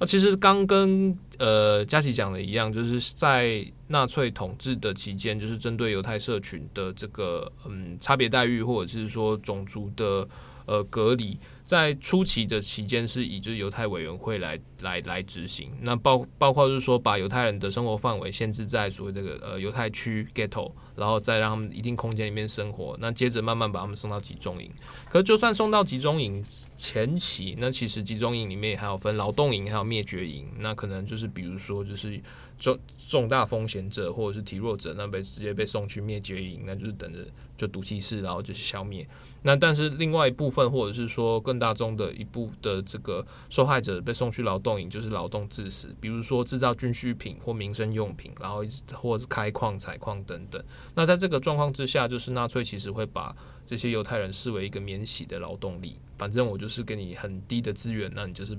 那、啊、其實剛跟呃佳琦講的一樣，就是在納粹統治的期間，就是針對猶太社群的這個嗯差別待遇，或者是說種族的。呃，隔離在初期的期間是以就是猶太委員會來來來執行，那包包括就是說把猶太人的生活範圍限制在所謂這個呃猶太區 ghetto，然後再讓他們一定空間裡面生活，那接着慢慢把他們送到集中營。可是就算送到集中營前期，那其實集中營裡面還有分勞動營，還有滅絕營。那可能就是比如說就是重重大風險者或者是體弱者，那被直接被送去滅絕營，那就是等着，就毒氣室，然後就是消滅。那但是另外一部分，或者是說更大宗的一部分的這個受害者被送去勞動營，就是勞動致死。比如說製造軍需品或民生用品，然後或者是開礦、採礦等等。那在這個狀況之下，就是納粹其實會把這些猶太人視為一個免洗的勞動力，反正我就是給你很低的資源，那你就是。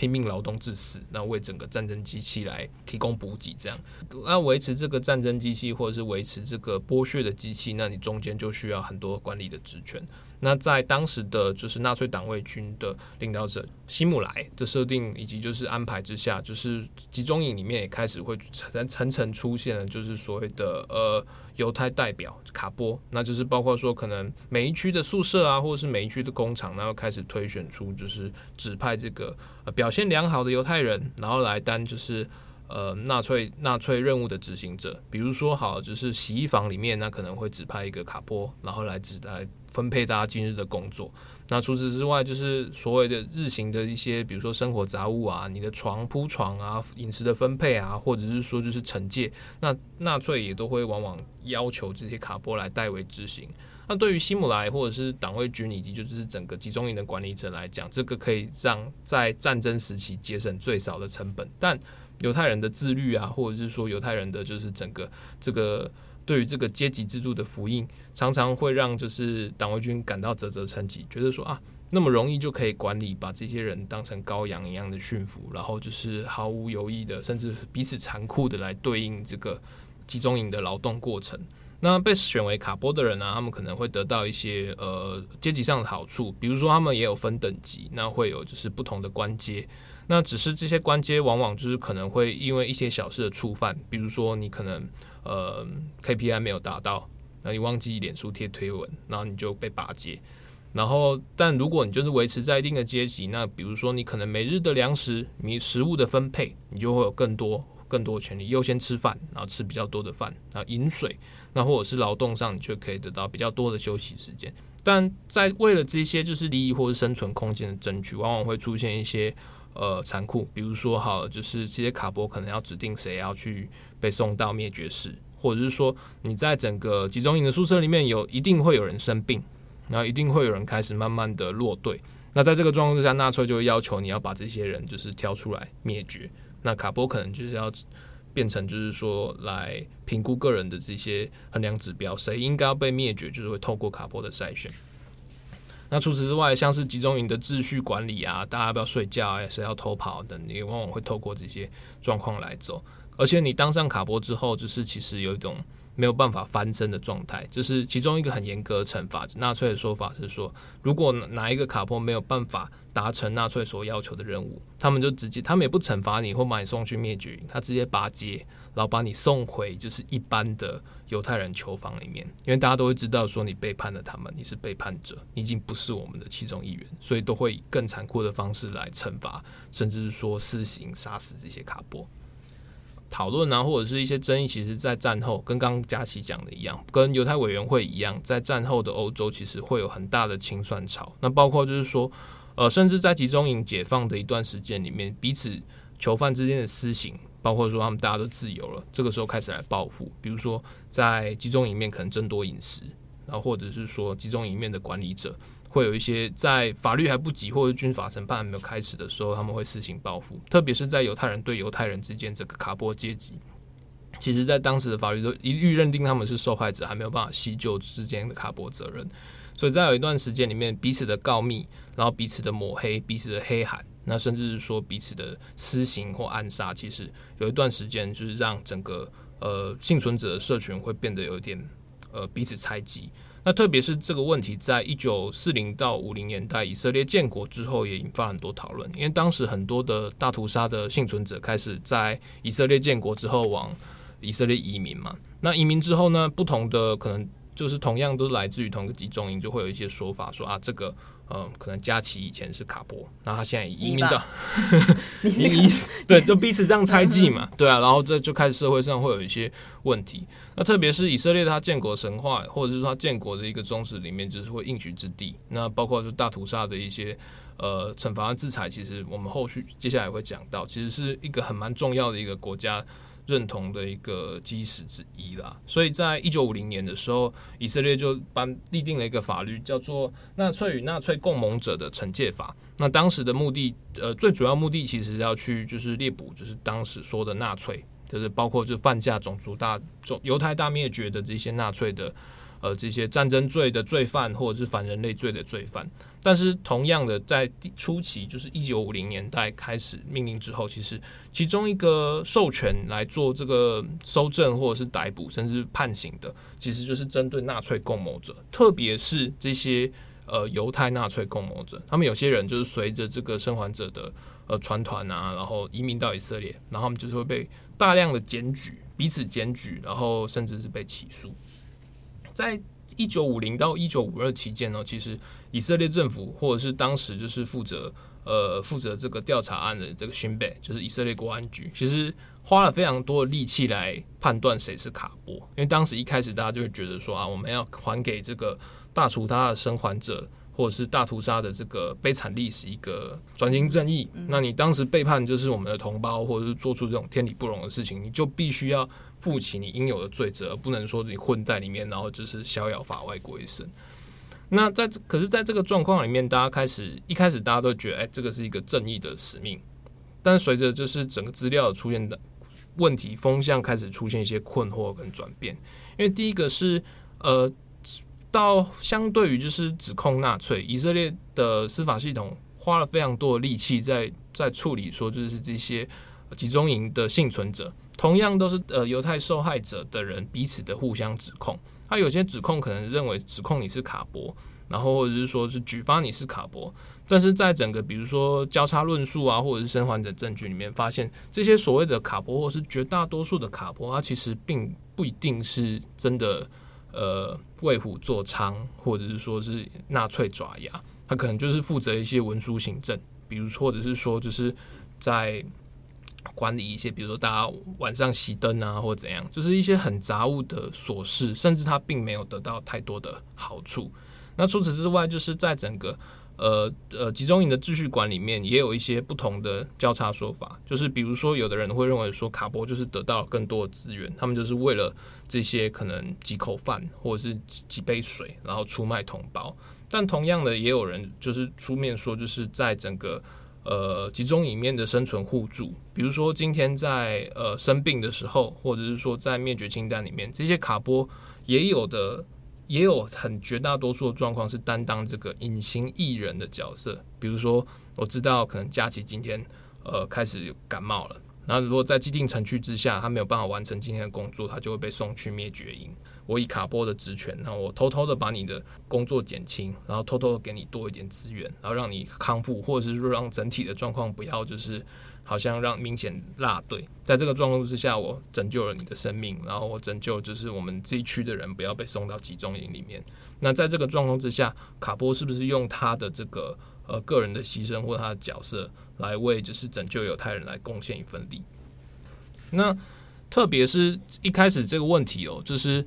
拼命勞動致死，那為整個戰爭機器來提供補給，這樣，那維持這個戰爭機器，或者是維持這個剝削的機器，那你中間就需要很多管理的職權。那在當時的就是納粹黨衛軍的領導者希姆萊的設定以及就是安排之下，就是集中營裡面也開始會層層層出現了就是所謂的呃猶太代表卡波，那就是包括說可能每一區的宿舍啊，或者是每一區的工廠，然後開始推選出就是指派這個、呃、表現良好的猶太人，然後來當就是。呃，納粹納粹任務的執行者，比如說好，就是洗衣房裡面，那可能會指派一個卡波，然後來指來分配大家今日的工作。那除此之外，就是所謂的日行的一些，比如說生活雜物啊，你的床鋪床啊，飲食的分配啊，或者是說就是懲戒，那納粹也都會往往要求這些卡波來代為執行。那對於希姆萊或者是黨衛軍以及就是整個集中營的管理者來講，這個可以讓在戰爭時期節省最少的成本，但猶太人的自律啊，或者是說猶太人的就是整個這個對於這個階級制度的服膺，常常會讓就是黨衛軍感到嘖嘖稱奇，覺得說啊，那麼容易就可以管理，把這些人當成羔羊一樣的馴服，然後就是毫無猶豫的，甚至彼此殘酷的來對應這個集中營的勞動過程。那被選為卡波的人呢、啊，他們可能會得到一些呃階級上的好處，比如說他們也有分等級，那會有就是不同的官階。那只是這些官階，往往就是可能會因為一些小事的觸犯，比如說你可能呃 KPI 沒有達到，那你忘記臉書貼推文，然後你就被拔階。然後，但如果你就是維持在一定的階級，那比如說你可能每日的糧食，你食物的分配，你就會有更多更多權利，優先吃飯，然後吃比較多的飯，然後飲水，那或者是勞動上，你就可以得到比較多的休息時間。但在為了這些就是利益或是生存空間的爭取，往往會出現一些。呃，殘酷，比如說好，好就是這些卡波可能要指定誰要去被送到滅絕室，或者是說你在整個集中營的宿舍裡面，有一定會有人生病，然後一定會有人開始慢慢的落隊。那在這個狀況之下，納粹就會要求你要把這些人就是挑出來滅絕。那卡波可能就是要變成就是說來評估個人的這些衡量指標，誰應該要被滅絕，就是會透過卡波的篩選。那除此之外，像是集中營的秩序管理啊，大家不要睡覺，誰要偷跑等，你往往會透過這些狀況來走。而且你當上卡波之後，就是其實有一種。沒有辦法翻身的狀態，就是其中一個很嚴格的懲罰。納粹的說法是說，如果哪一個卡波沒有辦法達成納粹所要求的任務，他們就直接，他們也不懲罰你，或把你送去滅絕。他直接拔接，然後把你送回就是一般的猶太人囚房裡面。因為大家都會知道說你背叛了他們，你是背叛者，你已經不是我們的其中一員，所以都會以更殘酷的方式來懲罰，甚至是說私刑殺死這些卡波。討論啊，或者是一些爭議，其實，在戰後跟剛佳琦講的一樣，跟猶太委員會一樣，在戰後的歐洲，其實會有很大的清算潮。那包括就是說，呃，甚至在集中營解放的一段時間裡面，彼此囚犯之間的私刑，包括說他們大家都自由了，這個時候開始來報復，比如說在集中營裡面可能爭奪飲食，然後或者是說集中營裡面的管理者。會有一些在法律還不及或者是軍法審判還沒有開始的時候，他們會施行報復，特別是在猶太人對猶太人之間這個卡波階級，其實，在當時的法律都一律認定他們是受害者，還沒有辦法細究之間的卡波責任，所以在有一段時間裡面，彼此的告密，然後彼此的抹黑，彼此的黑函，那甚至是說彼此的私刑或暗殺，其實有一段時間就是讓整個呃倖存者的社群會變得有一點呃彼此猜忌。那特別是這個問題，在一九四零到五零年代以色列建國之後，也引發很多討論。因為當時很多的大屠殺的倖存者開始在以色列建國之後往以色列移民嘛。那移民之後呢，不同的可能就是同樣都來自於同一個集中營，就會有一些說法說啊，這個。呃，可能佳琦以前是卡波，那他現在移民到吧 移民 對，就彼此這樣猜忌嘛， 對啊，然後這就開始社會上會有一些問題。那特別是以色列，它建國神話，或者是它建國的一個宗旨裡面，就是會應許之地。那包括就大屠殺的一些呃懲罰和制裁，其實我們後續接下來會講到，其實是一個很蠻重要的一個國家。認同的一個基石之一啦，所以在一九五零年的時候，以色列就頒立定了一個法律，叫做《納粹與納粹共謀者的懲戒法》。那當時的目的，呃，最主要目的其實要去就是獵捕，就是當時說的納粹，就是包括就犯下種族大、猶太大滅絕的這些納粹的。呃，這些戰爭罪的罪犯或者是反人類罪的罪犯，但是同樣的，在初期就是一九五零年代開始命令之後，其實其中一個授權來做這個搜證或者是逮捕，甚至判刑的，其實就是針對納粹共謀者，特別是這些呃猶太納粹共謀者，他們有些人就是隨着這個生還者的呃船團啊，然後移民到以色列，然後他們就是會被大量的檢舉，彼此檢舉，然後甚至是被起訴。在一九五零到一九五二期間呢，其實以色列政府或者是當時就是負責呃負責這個調查案的這個辛貝，就是以色列國安局，其實花了非常多的力氣來判斷誰是卡波，因為當時一開始大家就會覺得說啊，我們要還給這個大屠殺的生還者或者是大屠殺的這個悲慘歷史一個轉型正義，那你當時背叛就是我們的同胞，或者是做出這種天理不容的事情，你就必須要。負起你應有的罪責，而不能說你混在裡面，然後就是逍遙法外過一生。那在這可是在這個狀況裡面，大家開始一開始大家都覺得，哎，這個是一個正義的使命。但隨着就是整個資料出現的問題，風向開始出現一些困惑跟轉變。因為第一個是呃，到相對於就是指控納粹以色列的司法系統花了非常多的力氣在在處理，說就是這些集中營的幸存者。同樣都是呃猶太受害者的人彼此的互相指控，他有些指控可能認為指控你是卡波，然後或者是說是舉發你是卡波，但是在整個比如說交叉論述啊，或者是生還者證據裡面發現，這些所謂的卡波或是絕大多數的卡波，他其實並不一定是真的，呃，為虎作倀，或者是說是納粹爪牙，他可能就是負責一些文書行政，比如或者是說就是在。管理一些，比如說大家晚上熄燈啊，或者怎樣，就是一些很雜務的瑣事，甚至他並沒有得到太多的好處。那除此之外，就是在整個呃呃集中營的秩序管理裡面，也有一些不同的交叉說法。就是比如說，有的人會認為說卡波就是得到了更多的資源，他們就是為了這些可能幾口飯或者是幾杯水，然後出賣同胞。但同樣的，也有人就是出面說，就是在整個。呃，集中營裡面的生存互助，比如說今天在呃生病的時候，或者是說在滅絕清單裡面，這些卡波也有的，也有很絕大多數的狀況是擔當這個隱形藝人的角色。比如說，我知道可能佳琦今天呃開始感冒了，然後如果在既定程序之下，他沒有辦法完成今天的工作，他就會被送去滅絕營。我以卡波的職權，那我偷偷的把你的工作減輕，然後偷偷的給你多一點資源，然後讓你康復，或者是說讓整體的狀況不要就是好像讓明顯落隊。在這個狀況之下，我拯救了你的生命，然後我拯救就是我們這一區的人不要被送到集中營裡面。那在這個狀況之下，卡波是不是用他的這個呃個人的犧牲或他的角色來為就是拯救猶太人來貢獻一份力？那特別是一開始這個問題哦，就是。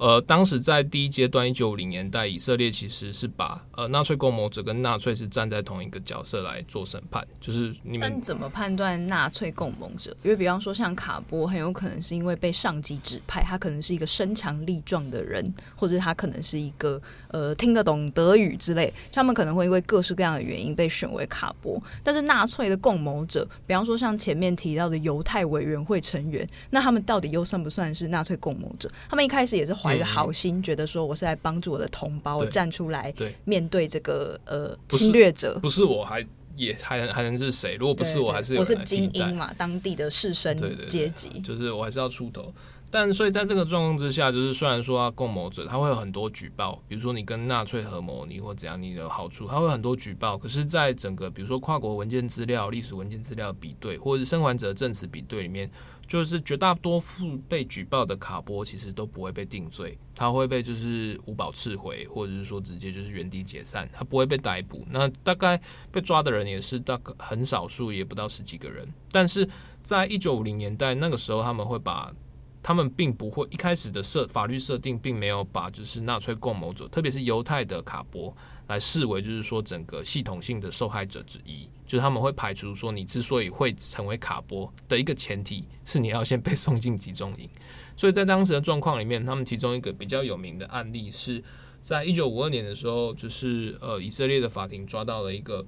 呃，當時在第一階段，一九五零年代，以色列其實是把。呃，納粹共謀者跟納粹是站在同一個角色來做審判，就是你們。但怎麼判斷納粹共謀者？因為比方說像卡波，很有可能是因為被上級指派，他可能是一個身強力壯的人，或者他可能是一個呃聽得懂德語之類，他們可能會因為各式各樣的原因被選為卡波。但是納粹的共謀者，比方說像前面提到的猶太委員會成員，那他們到底又算不算是納粹共謀者？他們一開始也是懷着好心，對覺得說我是來幫助我的同胞，站出來面對。對，對。對這個呃侵略者不，不是我還也還能還能是誰？如果不是我還是對對對，我是精英嘛，當地的士紳階級，對對對，就是我還是要出頭。但所以在這個狀況之下，就是雖然說要共謀者他會有很多舉報，比如說你跟納粹合謀，你或怎樣你的好處，他會很多舉報。可是，在整個比如說跨國文件資料、歷史文件資料比對，或者是生還者證詞比對裡面。就是絕大多數被舉報的卡波其實都不會被定罪，他會被就是無保釋回，或者是說直接就是原地解散，他不會被逮捕。那大概被抓的人也是大，很少數，也不到十幾個人。但是在一九五零年代那個時候，他們會把他們並不會一開始的設法律設定，並沒有把就是納粹共謀者，特別是猶太的卡波來視為就是說整個系統性的受害者之一。就是他們會排除說，你之所以會成為卡波的一個前提是你要先被送進集中營。所以在當時的狀況裡面，他們其中一個比較有名的案例是在一九五二年的時候，就是呃以色列的法庭抓到了一個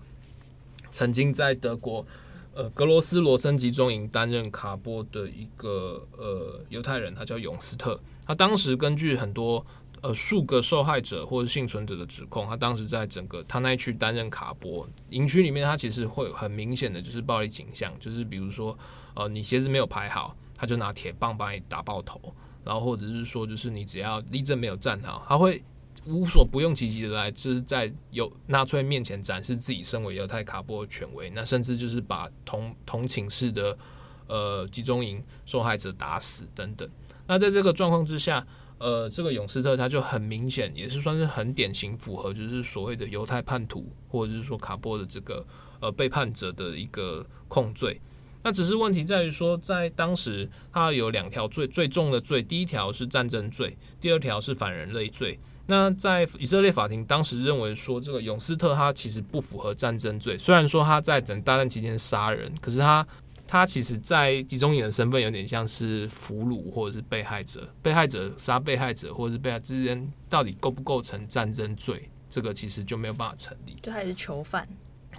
曾經在德國呃格羅斯羅森集中營擔任卡波的一個呃猶太人，他叫永斯特。他當時根據很多呃，數個受害者或者幸存者的指控，他當時在整個他那一區擔任卡波營區裡面，他其實會有很明顯的就是暴力傾向，就是比如說，呃，你鞋子沒有排好，他就拿鐵棒把你打爆頭，然後或者是說，就是你只要立正沒有站好，他會無所不用其極的來就是在猶納粹面前展示自己身為猶太卡波的權威，那甚至就是把同同寢室的呃集中營受害者打死等等。那在這個狀況之下。呃，這個永斯特他就很明顯，也是算是很典型，符合就是所謂的猶太叛徒，或者是說卡波的這個呃背叛者的一個控罪。那只是問題在於說，在當時他有兩條罪，最重的罪，第一條是戰爭罪，第二條是反人類罪。那在以色列法庭當時認為說，這個永斯特他其實不符合戰爭罪，雖然說他在整大戰期間殺人，可是他。他其實，在集中營的身份有點像是俘虜或者是被害者。被害者殺被害者，或者是被害之間，到底構不構成戰爭罪？這個其實就沒有辦法成立。就還是囚犯。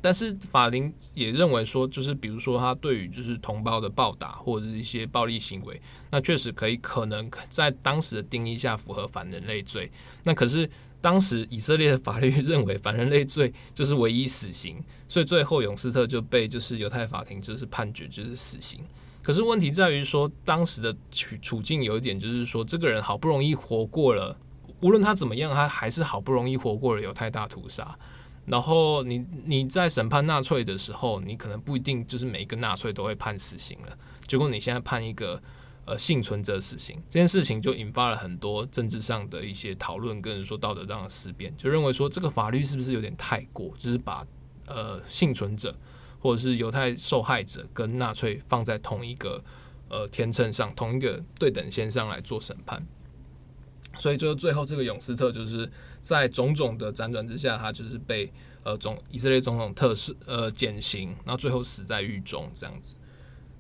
但是法庭也認為說，就是比如說他對於就是同胞的暴打或者是一些暴力行為，那確實可以可能在當時的定義下符合反人類罪。那可是當時以色列的法律認為反人類罪就是唯一死刑。所以最後，永斯特就被就是猶太法庭就是判決就是死刑。可是問題在於說，當時的處處境有一點就是說，這個人好不容易活過了，無論他怎麼樣，他還是好不容易活過了猶太大屠殺。然後你你在審判納粹的時候，你可能不一定就是每一個納粹都會判死刑了。結果你現在判一個呃幸存者死刑，這件事情就引發了很多政治上的一些討論，跟人說道德上的思辨，就認為說這個法律是不是有點太過，就是把。呃，倖存者或者是猶太受害者跟納粹放在同一個呃天秤上，同一個對等線上來做審判，所以就最後這個永斯特就是在種種的輾轉之下，他就是被呃總以色列總統特赦呃減刑，然後最後死在獄中這樣子。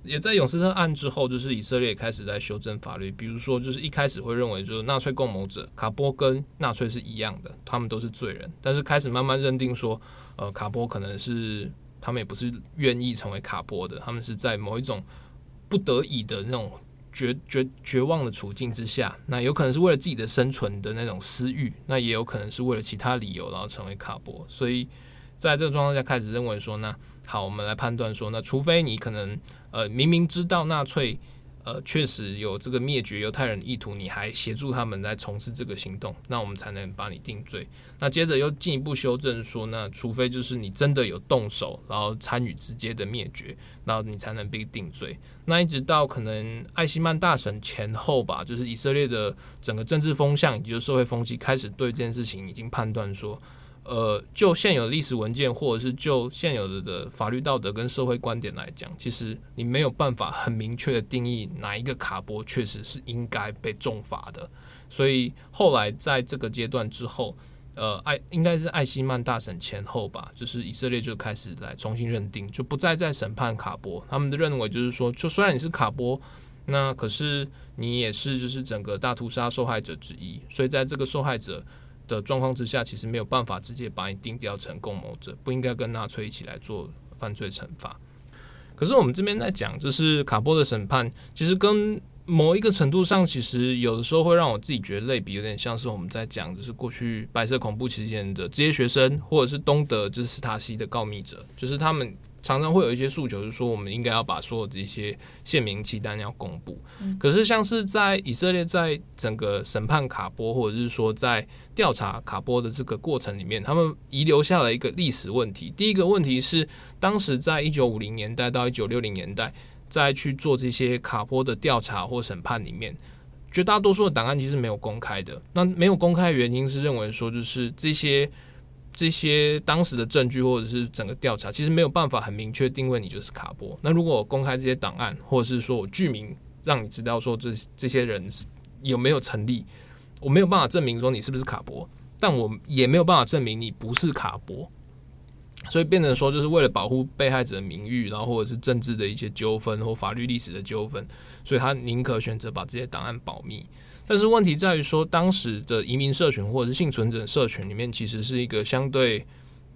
也在勇斯特案之後，就是以色列開始在修正法律，比如說，就是一開始會認為，就是納粹共謀者卡波跟納粹是一樣的，他們都是罪人。但是開始慢慢認定說，呃，卡波可能是他們也不是願意成為卡波的，他們是在某一種不得已的那種絕絕絕，絕望的處境之下，那有可能是為了自己的生存的那種私慾，那也有可能是為了其他理由然後成為卡波。所以在這個狀況下開始認為說呢。好，我們來判斷說，那除非你可能，呃，明明知道納粹，呃，確實有這個滅絕猶太人的意圖，你還協助他們來從事這個行動，那我們才能把你定罪。那接着又進一步修正說，那除非就是你真的有動手，然後參與直接的滅絕，那你才能被定罪。那一直到可能艾希曼大審前後吧，就是以色列的整個政治風向以及就是社會風氣開始對這件事情已經判斷說。呃，就現有歷史文件，或者是就現有的的法律、道德跟社會觀點來講，其實你沒有辦法很明確的定義哪一個卡波確實是應該被重罰的。所以後來在這個階段之後，呃，艾應該是艾希曼大審前後吧，就是以色列就開始來重新認定，就不再再審判卡波。他們的認為就是說，就雖然你是卡波，那可是你也是就是整個大屠殺受害者之一，所以在這個受害者。的狀況之下，其實沒有辦法直接把你定調成共謀者，不應該跟納粹一起來做犯罪懲罰。可是我們這邊在講，就是卡波的審判，其實跟某一個程度上，其實有的時候會讓我自己覺得類比有點像是我們在講，就是過去白色恐怖期間的職業學生，或者是東德就是斯塔西的告密者，就是他們。常常會有一些訴求，是說我們應該要把所有的一些線民清單要公布。可是，像是在以色列在整個審判卡波，或者是說在調查卡波的這個過程裡面，他們遺留下了一個歷史問題。第一個問題是，當時在一九五零年代到一九六零年代再去做這些卡波的調查或審判裡面，絕大多數的檔案其實沒有公開的。那沒有公開的原因是認為說，就是這些。這些當時的證據或者是整個調查，其實沒有辦法很明確定位你就是卡波。那如果我公開這些檔案，或者是說我具名讓你知道說這這些人有沒有成立，我沒有辦法證明說你是不是卡波，但我也沒有辦法證明你不是卡波。所以變成說，就是為了保護被害者的名譽，然後或者是政治的一些糾紛或法律歷史的糾紛，所以他寧可選擇把這些檔案保密。但是問題在於說，當時的移民社群或者是幸存者社群裡面，其實是一個相對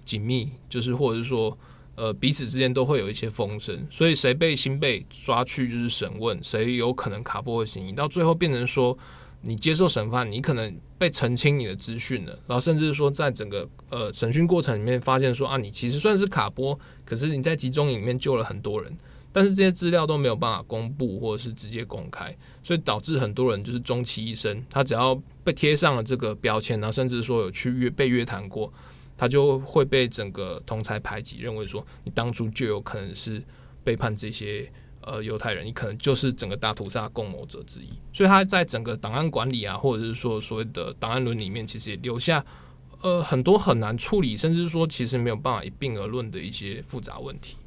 緊密，就是或者是說，呃，彼此之間都會有一些風聲。所以誰被辛貝抓去就是審問，誰有可能卡波的嫌疑，到最後變成說，你接受審判，你可能被澄清你的資訊了，然後甚至說，在整個呃審訊過程裡面發現說啊，你其實算是卡波，可是你在集中營裡面救了很多人。但是這些資料都沒有辦法公布，或者是直接公開，所以導致很多人就是終其一生，他只要被貼上了這個標籤，然後甚至說有去約被約談過，他就會被整個同儕排擠，認為說你當初就有可能是背叛這些呃猶太人，你可能就是整個大屠殺共謀者之一。所以他在整個檔案管理啊，或者是說所謂的檔案輪裡面，其實也留下呃很多很難處理，甚至說其實沒有辦法一併而論的一些複雜問題。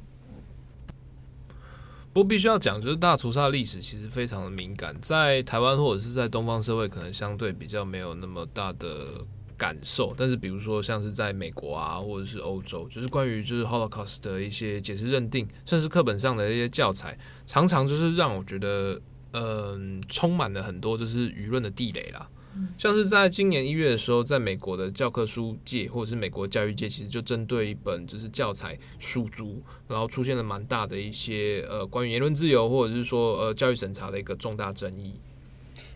不過必須要講，就是大屠殺歷史其實非常的敏感，在台灣或者是在東方社會，可能相對比較沒有那麼大的感受。但是比如說像是在美國啊，或者是歐洲，就是關於就是 Holocaust 的一些解釋認定，甚至課本上的一些教材，常常就是讓我覺得，嗯、呃，充滿了很多就是輿論的地雷啦。像是在今年一月的時候，在美國的教科書界或者是美國教育界，其實就針對一本就是教材鼠族，然後出現了蠻大的一些呃關於言論自由或者是說呃教育審查的一個重大爭議。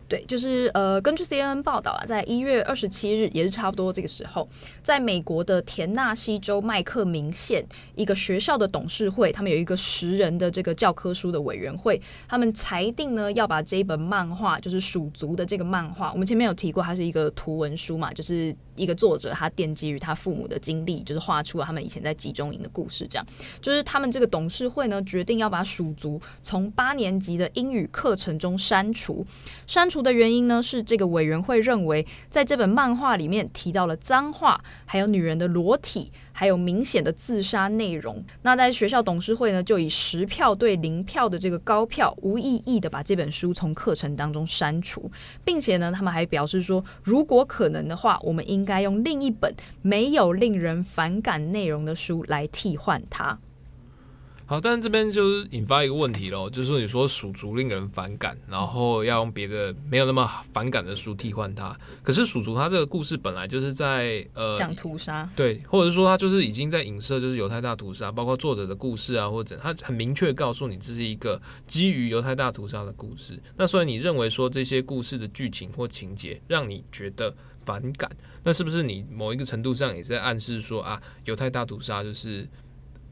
對，就是呃，根據 CNN 報道啊，在一月二十七日，也是差不多這個時候，在美國的田納西州麥克明縣一個學校的董事會，他們有一個十人的這個教科書的委員會，他們裁定呢要把這一本漫畫，就是《鼠族》的這個漫畫，我們前面有提過，它是一個圖文書嘛，就是一個作者他奠基於他父母的經歷，就是畫出了他們以前在集中營的故事，這樣，就是他們這個董事會呢決定要把《鼠族》從八年級的英語課程中刪除，刪除。出的原因呢，是這個委員會認為，在這本漫畫裡面提到了髒話，還有女人的裸體，還有明顯的自殺內容。那在學校董事會呢，就以十票對零票的這個高票無異議的把這本書從課程當中刪除，並且呢，他們還表示說，如果可能的話，我們應該用另一本沒有令人反感內容的書來替換它。好，但是這邊就是引發一個問題咯。就是說，你說《鼠族》令人反感，然後要用別的沒有那麼反感的書替換它。可是《鼠族》它這個故事本來就是在呃講屠殺，對，或者說它就是已經在影射就是猶太大屠殺，包括作者的故事啊，或者他很明確告訴你這是一個基於猶太大屠殺的故事。那所以你認為說這些故事的劇情或情節讓你覺得反感，那是不是你某一個程度上也在暗示說啊，猶太大屠殺就是？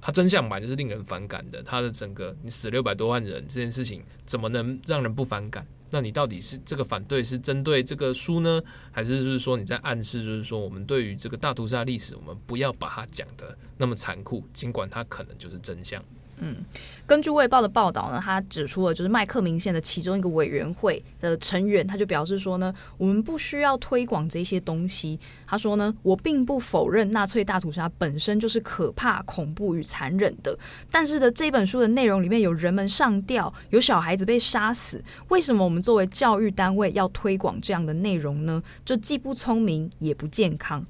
它真相吧，就是令人反感的。它的整個你死六百多萬人這件事情，怎麼能讓人不反感？那你到底是這個反對是針對這個書呢，還是就是說你在暗示，就是說我們對於這個大屠殺歷史，我們不要把它講得那麼殘酷，儘管它可能就是真相。嗯，根據《衛報》的報道呢，他指出了就是麥克明縣的其中一個委員會的成員，他就表示說呢，我們不需要推廣這些東西。他說呢，我並不否認納粹大屠殺本身就是可怕、恐怖與殘忍的，但是呢，這本書的內容裡面有人們上吊，有小孩子被殺死，為什麼我們作為教育單位要推廣這樣的內容呢？就既不聰明也不健康。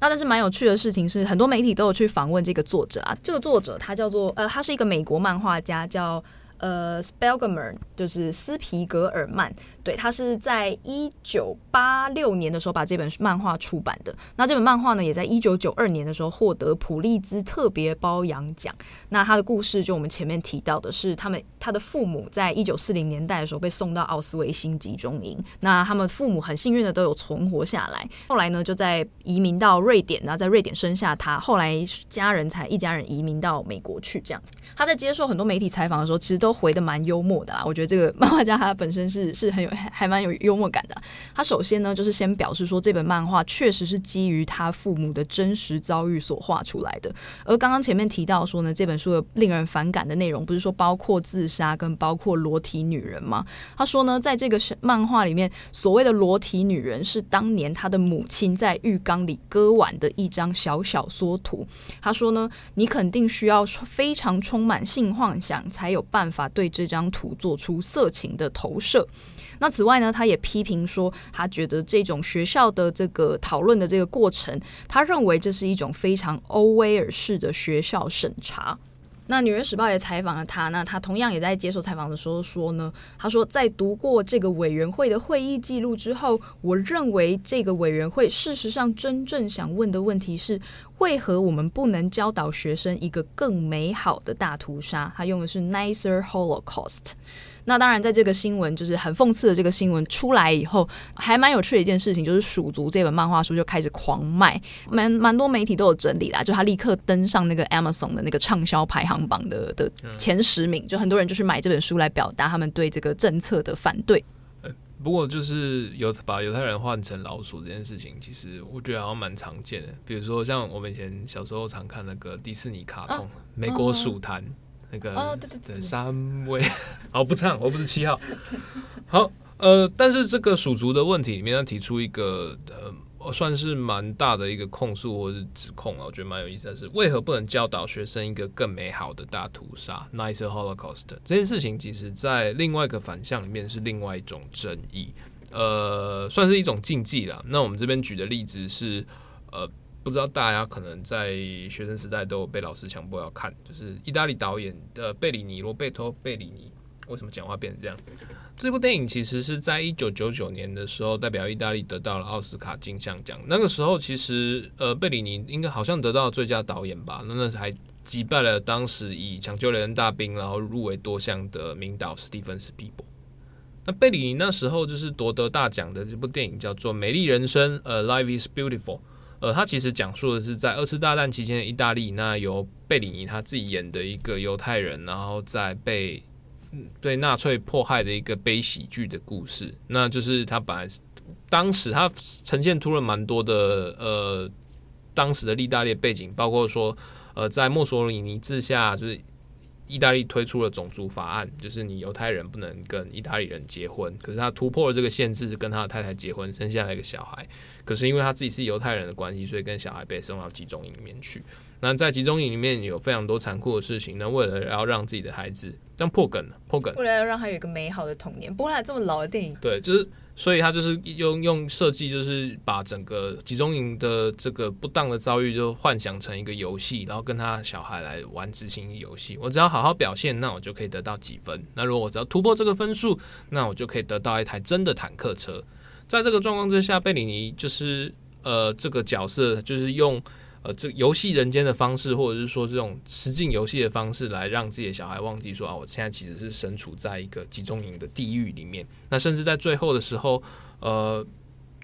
那但是蠻有趣的事情是，很多媒體都有去訪問這個作者啊。這個作者他叫做呃，他是一個美國漫畫家，叫。呃 Spiegelman 就是斯皮格爾曼，對，他是在一九八六年的時候把這本漫畫出版的。那這本漫畫呢，也在一九九二年的時候獲得普利茲特別褒揚獎。那他的故事就我們前面提到的是，他們他的父母在一九四零年代的時候被送到奧斯維辛集中營，那他們父母很幸運的都有存活下來。後來呢，就在移民到瑞典，然後在瑞典生下他。後來家人才一家人移民到美國去，這樣。他在接受很多媒體採訪的時候，其實都回得蠻幽默的啊。我覺得這個漫畫家他本身是是很有還蠻有幽默感的。他首先呢，就是先表示說，這本漫畫確實是基於他父母的真實遭遇所畫出來的。而剛剛前面提到說呢，這本書的令人反感的內容，不是說包括自殺跟包括裸體女人嗎？他說呢，在這個漫畫裡面，所謂的裸體女人是當年他的母親在浴缸裡割腕的一張小小縮圖。他說呢，你肯定需要非常充滿性幻想才有辦法對這張圖做出色情的投射。那此外呢，他也批評說，他覺得這種學校的這個討論的這個過程，他認為這是一種非常歐威爾式的學校審查。那《紐約時報》也採訪了他，那他同樣也在接受採訪的時候說呢，他說在讀過這個委員會的會議記錄之後，我認為這個委員會事實上真正想問的問題是，為何我們不能教導學生一個更美好的大屠殺？他用的是 nicer Holocaust。那當然，在這個新聞就是很諷刺的這個新聞出來以後，還蠻有趣的一件事情，就是《鼠族》這本漫畫書就開始狂賣，蠻蠻多媒體都有整理啦，就他立刻登上那個 Amazon 的那個暢銷排行榜的的前十名。就很多人就是買這本書來表達他們對這個政策的反對。不過，就是有把猶太人換成老鼠這件事情，其實我覺得好像蠻常見的。比如說，像我們以前小時候常看那個迪士尼卡通《啊、美國鼠譚》、啊、那個、啊對對對，三位，哦，不唱，我不是七號。好，呃，但是這個鼠族的問題裡面，要提出一個，呃算是蠻大的一個控訴或是指控了，我覺得蠻有意思的是，為何不能教導學生一個更美好的大屠殺 （Nicer Holocaust） 這件事情？其實，在另外一個反向裡面是另外一種爭議，呃，算是一種禁忌了。那我們這邊舉的例子是，呃，不知道大家可能在學生時代都被老師強迫要看，就是意大利導演的貝里尼羅貝托貝里尼。為什麼講話變成這樣？這部電影其實是在一九九九年的時候，代表意大利得到了奧斯卡金像獎。那個時候，其實呃，貝里尼應該好像得到了最佳導演吧？那那還擊敗了當時以《搶救雷恩大兵》然後入圍多項的名導史蒂芬史匹柏。那貝里尼那時候就是奪得大獎的這部電影叫做《美麗人生》。呃，Life is beautiful。呃，它其實講述的是在二次大戰期間的意大利，那由貝里尼他自己演的一個猶太人，然後在被對納粹迫害的一個悲喜劇的故事，那就是他把當時他呈現出了蠻多的呃，當時的意大利背景，包括說呃，在墨索里尼治下就是。意大利推出了種族法案，就是你猶太人不能跟意大利人結婚。可是他突破了這個限制，跟他的太太結婚，生下了一個小孩。可是因為他自己是猶太人的關係，所以跟小孩被送到集中營裡面去。那在集中營裡面有非常多殘酷的事情。那為了要讓自己的孩子，這樣破梗了，破梗。為了要讓他有一個美好的童年，不過這麼老的電影。對，就是。所以他就是用用設計，就是把整個集中營的這個不當的遭遇，就幻想成一個遊戲，然後跟他小孩來玩執行遊戲。我只要好好表現，那我就可以得到幾分。那如果我只要突破這個分數，那我就可以得到一台真的坦克車。在這個狀況之下，貝里尼就是呃這個角色，就是用。呃，這個遊戲人間的方式，或者是說這種實境遊戲的方式來讓自己的小孩忘記說啊，我現在其實是身處在一個集中營的地獄裡面。那甚至在最後的時候，呃，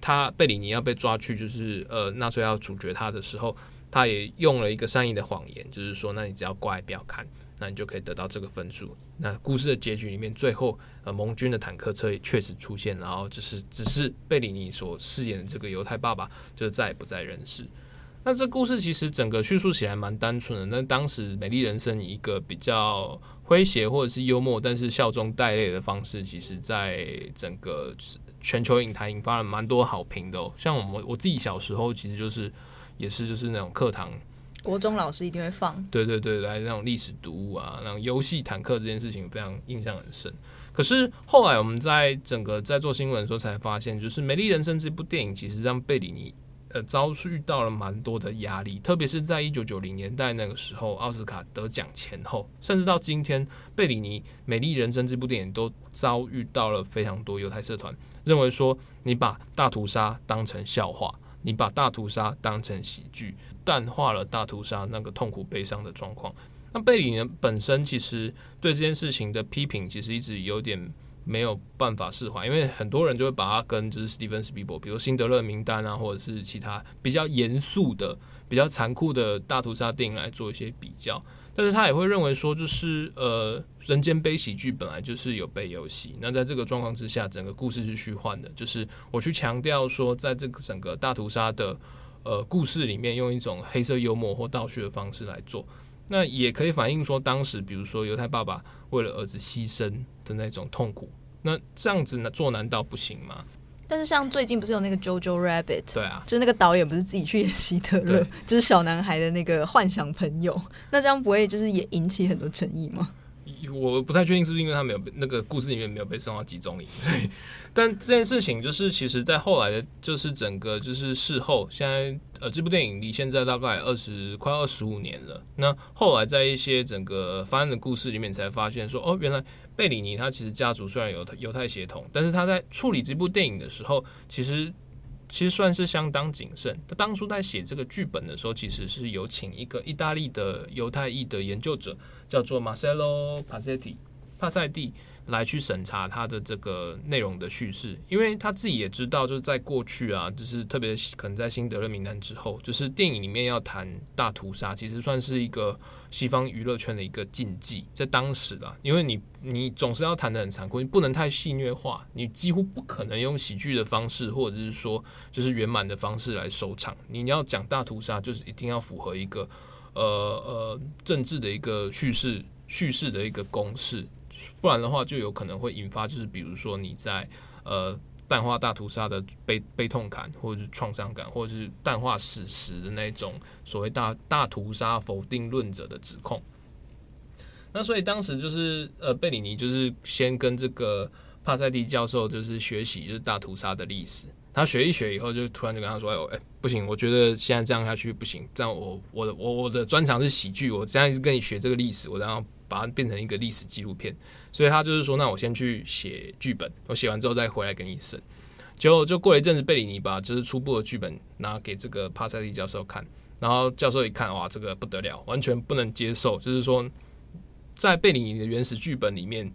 他貝里尼要被抓去，就是呃，納粹要處決他的時候，他也用了一個善意的謊言，就是說，那你只要乖不要看，那你就可以得到這個分數。那故事的結局裡面，最後呃，盟軍的坦克車也確實出現，然後就是只是貝里尼所飾演的這個猶太爸爸就是、再也不在人世。那這故事其實整個敘述起來蠻單純的。那當時《美麗人生》以一個比較詼諧或者是幽默，但是笑中帶淚的方式，其實，在整個全球影壇引發了蠻多好評的哦。像我們我自己小時候，其實就是也是就是那種課堂，國中老師一定會放，對對對，來那種歷史讀物啊，那種遊戲坦克這件事情非常印象很深。可是後來我們在整個在做新聞的時候才發現，就是《美麗人生》這部電影，其實讓貝里尼。呃，遭遇到了蠻多的壓力，特別是在一九九零年代那個時候，奧斯卡得獎前後，甚至到今天，貝里尼《美麗人生》這部電影都遭遇到了非常多猶太社團認為說，你把大屠殺當成笑話，你把大屠殺當成喜劇，淡化了大屠殺那個痛苦悲傷的狀況。那貝里尼本身其實對這件事情的批評，其實一直有點。沒有辦法釋懷，因為很多人就會把它跟就是史蒂芬史匹柏，比如《辛德勒名單》啊，或者是其他比較嚴肅的、比較殘酷的大屠殺電影來做一些比較。但是他也會認為說，就是呃，人間悲喜劇本來就是有悲有喜。那在這個狀況之下，整個故事是虛幻的。就是我去強調說，在這個整個大屠殺的呃故事裡面，用一種黑色幽默或倒敘的方式來做。那也可以反映說，當時比如說猶太爸爸為了兒子犧牲的那種痛苦，那這樣子做難道不行嗎？但是像最近不是有那個 Jojo Rabbit，對啊，就那個導演不是自己去演希特勒，對就是小男孩的那個幻想朋友，那這樣不會就是也引起很多爭議嗎？我不太確定是不是因為他沒有被那個故事裡面沒有被送到集中營，所以，但這件事情就是其實在後來的，就是整個就是事後，現在呃，這部電影離現在大概二十快二十五年了。那後來在一些整個翻案的故事裡面才發現說，哦，原來貝里尼他其實家族雖然猶猶太血統，但是他在處理這部電影的時候，其實其實算是相當謹慎。他當初在寫這個劇本的時候，其實是有請一個意大利的猶太裔的研究者。叫做 Marcelo Pasetti, 帕塞蒂來去審查他的這個內容的敘事，因為他自己也知道，就是在過去啊，就是特別可能在辛德勒名單之後，就是電影裡面要談大屠殺，其實算是一個西方娛樂圈的一個禁忌，在當時的，因為你你總是要談得很殘酷，你不能太戲謔化，你幾乎不可能用喜劇的方式，或者是說就是圓滿的方式來收場，你要講大屠殺，就是一定要符合一個，呃呃，政治的一個敘事，敘事的一個公式，不然的話就有可能會引發，就是比如說你在呃淡化大屠殺的悲悲痛感，或者是創傷感，或者是淡化史實的那種所謂大大屠殺否定論者的指控。那所以當時就是呃貝里尼就是先跟這個帕塞蒂教授就是學習就是大屠殺的歷史，他學一學以後就突然就跟他說，哦哎呦。不行，我覺得現在這樣下去不行。這樣，我我的我我的專長是喜劇，我這樣一直跟你學這個歷史，我然後把它變成一個歷史紀錄片。所以他就是說，那我先去寫劇本，我寫完之後再回來給你審。結果就過了一陣子，貝里尼把就是初步的劇本拿給這個帕塞蒂教授看，然後教授一看，哇，這個不得了，完全不能接受。就是說，在貝里尼的原始劇本裡面。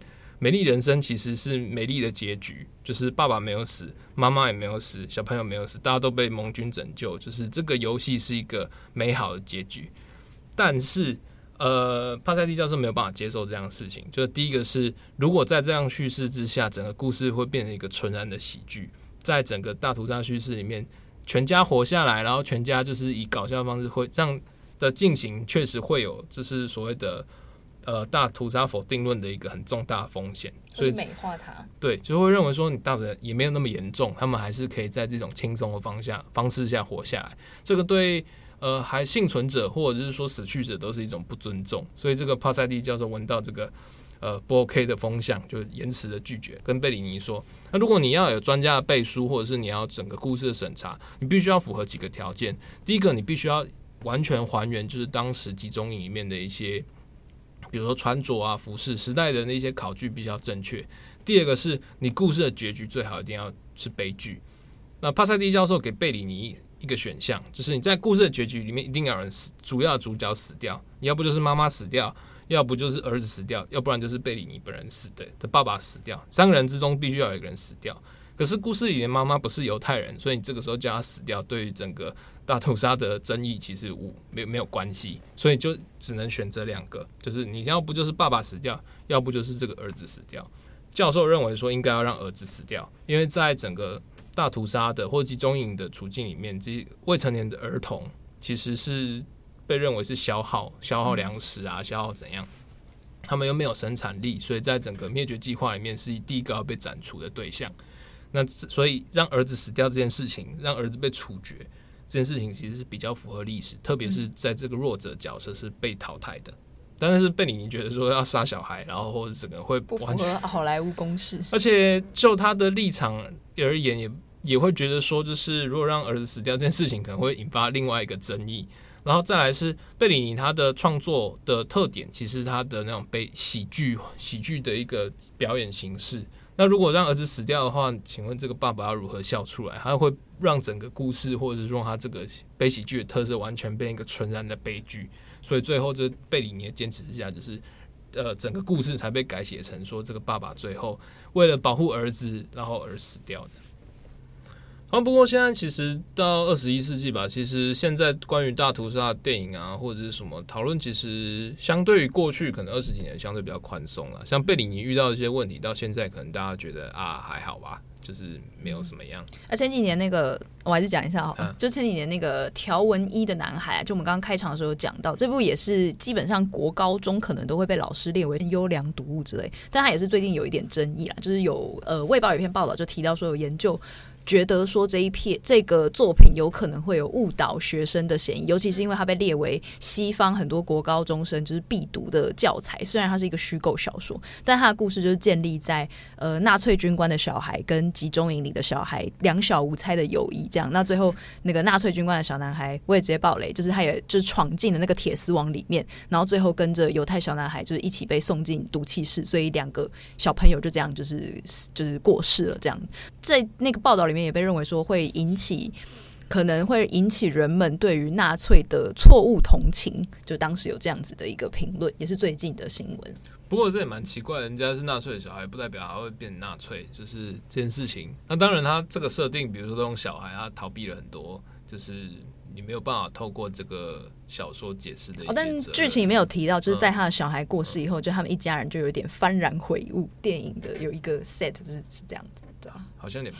美麗人生其實是美麗的結局，就是爸爸沒有死，媽媽也沒有死，小朋友沒有死，大家都被盟軍拯救，就是這個遊戲是一個美好的結局。但是，呃，帕塞蒂教授沒有辦法接受這樣的事情，就是第一個是，如果在這樣敘事之下，整個故事會變成一個純然的喜劇。在整個大屠殺敘事裡面，全家活下來，然後全家就是以搞笑的方式會這樣的進行，確實會有，就是所謂的。呃，大屠殺否定論的一個很重大的風險，所以美化它，對，就會認為說你大屠殺也沒有那麼嚴重，他們還是可以在這種輕鬆的方向方式下活下來。這個對呃，還幸存者或者是說死去者都是一種不尊重。所以這個帕塞蒂教授聞到這個呃不 OK 的風向，就延遲的拒絕跟貝里尼說：那如果你要有專家的背書，或者是你要整個故事的審查，你必須要符合幾個條件。第一個，你必須要完全還原，就是當時集中營裡面的一些。比如說穿着啊、服飾、時代的那些考據比較正確。第二個是你故事的結局最好一定要是悲劇。那帕塞蒂教授給貝里尼一個選項，就是你在故事的結局裡面一定要有人死，主要的主角死掉，要不就是媽媽死掉，要不就是兒子死掉，要不然就是貝里尼本人死的、的，他爸爸死掉，三個人之中必須要有一個人死掉。可是故事裡的媽媽不是猶太人，所以你這個時候叫她死掉，對於整個大屠殺的爭議其實無沒有沒有關係，所以就只能選擇兩個，就是你要不就是爸爸死掉，要不就是這個兒子死掉。教授認為說應該要讓兒子死掉，因為在整個大屠殺的或集中營的處境裡面，這些未成年的兒童其實是被認為是消耗消耗糧食啊，消耗怎樣，他們又沒有生產力，所以在整個滅絕計劃裡面是第一個要被斬除的對象。那所以讓兒子死掉這件事情，讓兒子被處決這件事情，其實是比較符合歷史，特別是在這個弱者角色是被淘汰的。嗯、但是貝里尼覺得說要殺小孩，然後或者整個會不符合好萊塢公式。而且就他的立場而言也，也也會覺得說，就是如果讓兒子死掉這件事情，可能會引發另外一個爭議。然後再來是貝里尼他的創作的特點，其實他的那種悲喜劇喜劇的一個表演形式。那如果讓兒子死掉的話，請問這個爸爸要如何笑出來？他會讓整個故事，或者是說他這個悲喜劇的特色，完全變一個純然的悲劇。所以最後，這貝里尼的堅持之下，就是呃，整個故事才被改寫成說，這個爸爸最後為了保護兒子，然後而死掉的。啊，不過現在其實到二十一世紀吧，其實現在關於大屠殺電影啊，或者是什麼討論，其實相對於過去可能二十幾年相對比較寬鬆了。像貝里尼遇到一些問題，到現在可能大家覺得啊還好吧，就是沒有什麼樣。而、嗯啊、前幾年那個我還是講一下哈，啊、就前幾年那個條紋衣的男孩、啊，就我們剛剛開場的時候有講到，這部也是基本上國高中可能都會被老師列為優良讀物之類，但他也是最近有一點爭議了，就是有呃，衛報有一篇報道就提到說有研究。覺得說這一篇這個作品有可能會有誤導學生的嫌疑，尤其是因為它被列為西方很多國高中生就是必讀的教材。雖然它是一個虛構小說，但它的故事就是建立在呃納粹軍官的小孩跟集中營裡的小孩兩小無猜的友誼這樣。那最後那個納粹軍官的小男孩，我也直接爆雷，就是他也就是闖進了那個鐵絲網裡面，然後最後跟着猶太小男孩就是一起被送進毒氣室，所以兩個小朋友就這樣就是就是過世了。這樣在那個報道裡面。裡面也被認為說會引起，可能會引起人們對於納粹的錯誤同情，就當時有這樣子的一個評論，也是最近的新聞。不過，這也蠻奇怪，人家是納粹的小孩，不代表他會變納粹，就是這件事情。那當然，他這個設定，比如說這種小孩，他逃避了很多，就是你沒有辦法透過這個小說解釋的。哦，但劇情裡面有提到，就是在他的小孩過世以後，嗯，就他們一家人就有點幡然悔悟。電影的有一個 set 是，是這樣子的。好像你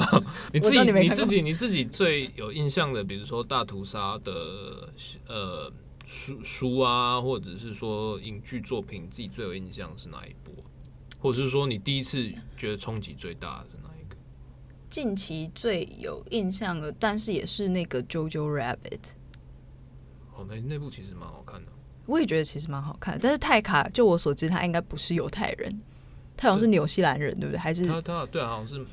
你自己你，你自己你自己，你自己最有印象的，比如說大屠殺的呃書書啊，或者是說影劇作品，自己最有印象是哪一部，或者是說你第一次覺得衝擊最大的是哪一個？近期最有印象的，但是也是那個 jo《Jojo Rabbit》。哦，那那部其實蠻好看的。我也覺得其實蠻好看，但是泰卡就我所知，他應該不是猶太人，泰卡是紐西蘭人，對不對？還是他他對，好像是。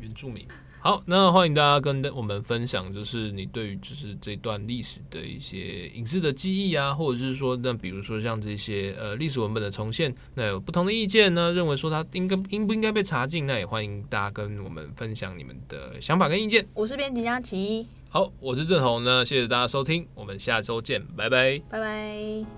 原住民，好，那歡迎大家跟我們分享，就是你對於就是這段歷史的一些影視的記憶啊，或者是說，那比如說像這些呃歷史文本的重現，那有不同的意見呢，認為說它應該應不應該被查禁，那也歡迎大家跟我們分享你們的想法跟意見。我是編輯佳琦，好，我是鎮宏。那謝謝大家收聽，我們下周見，拜拜，拜拜。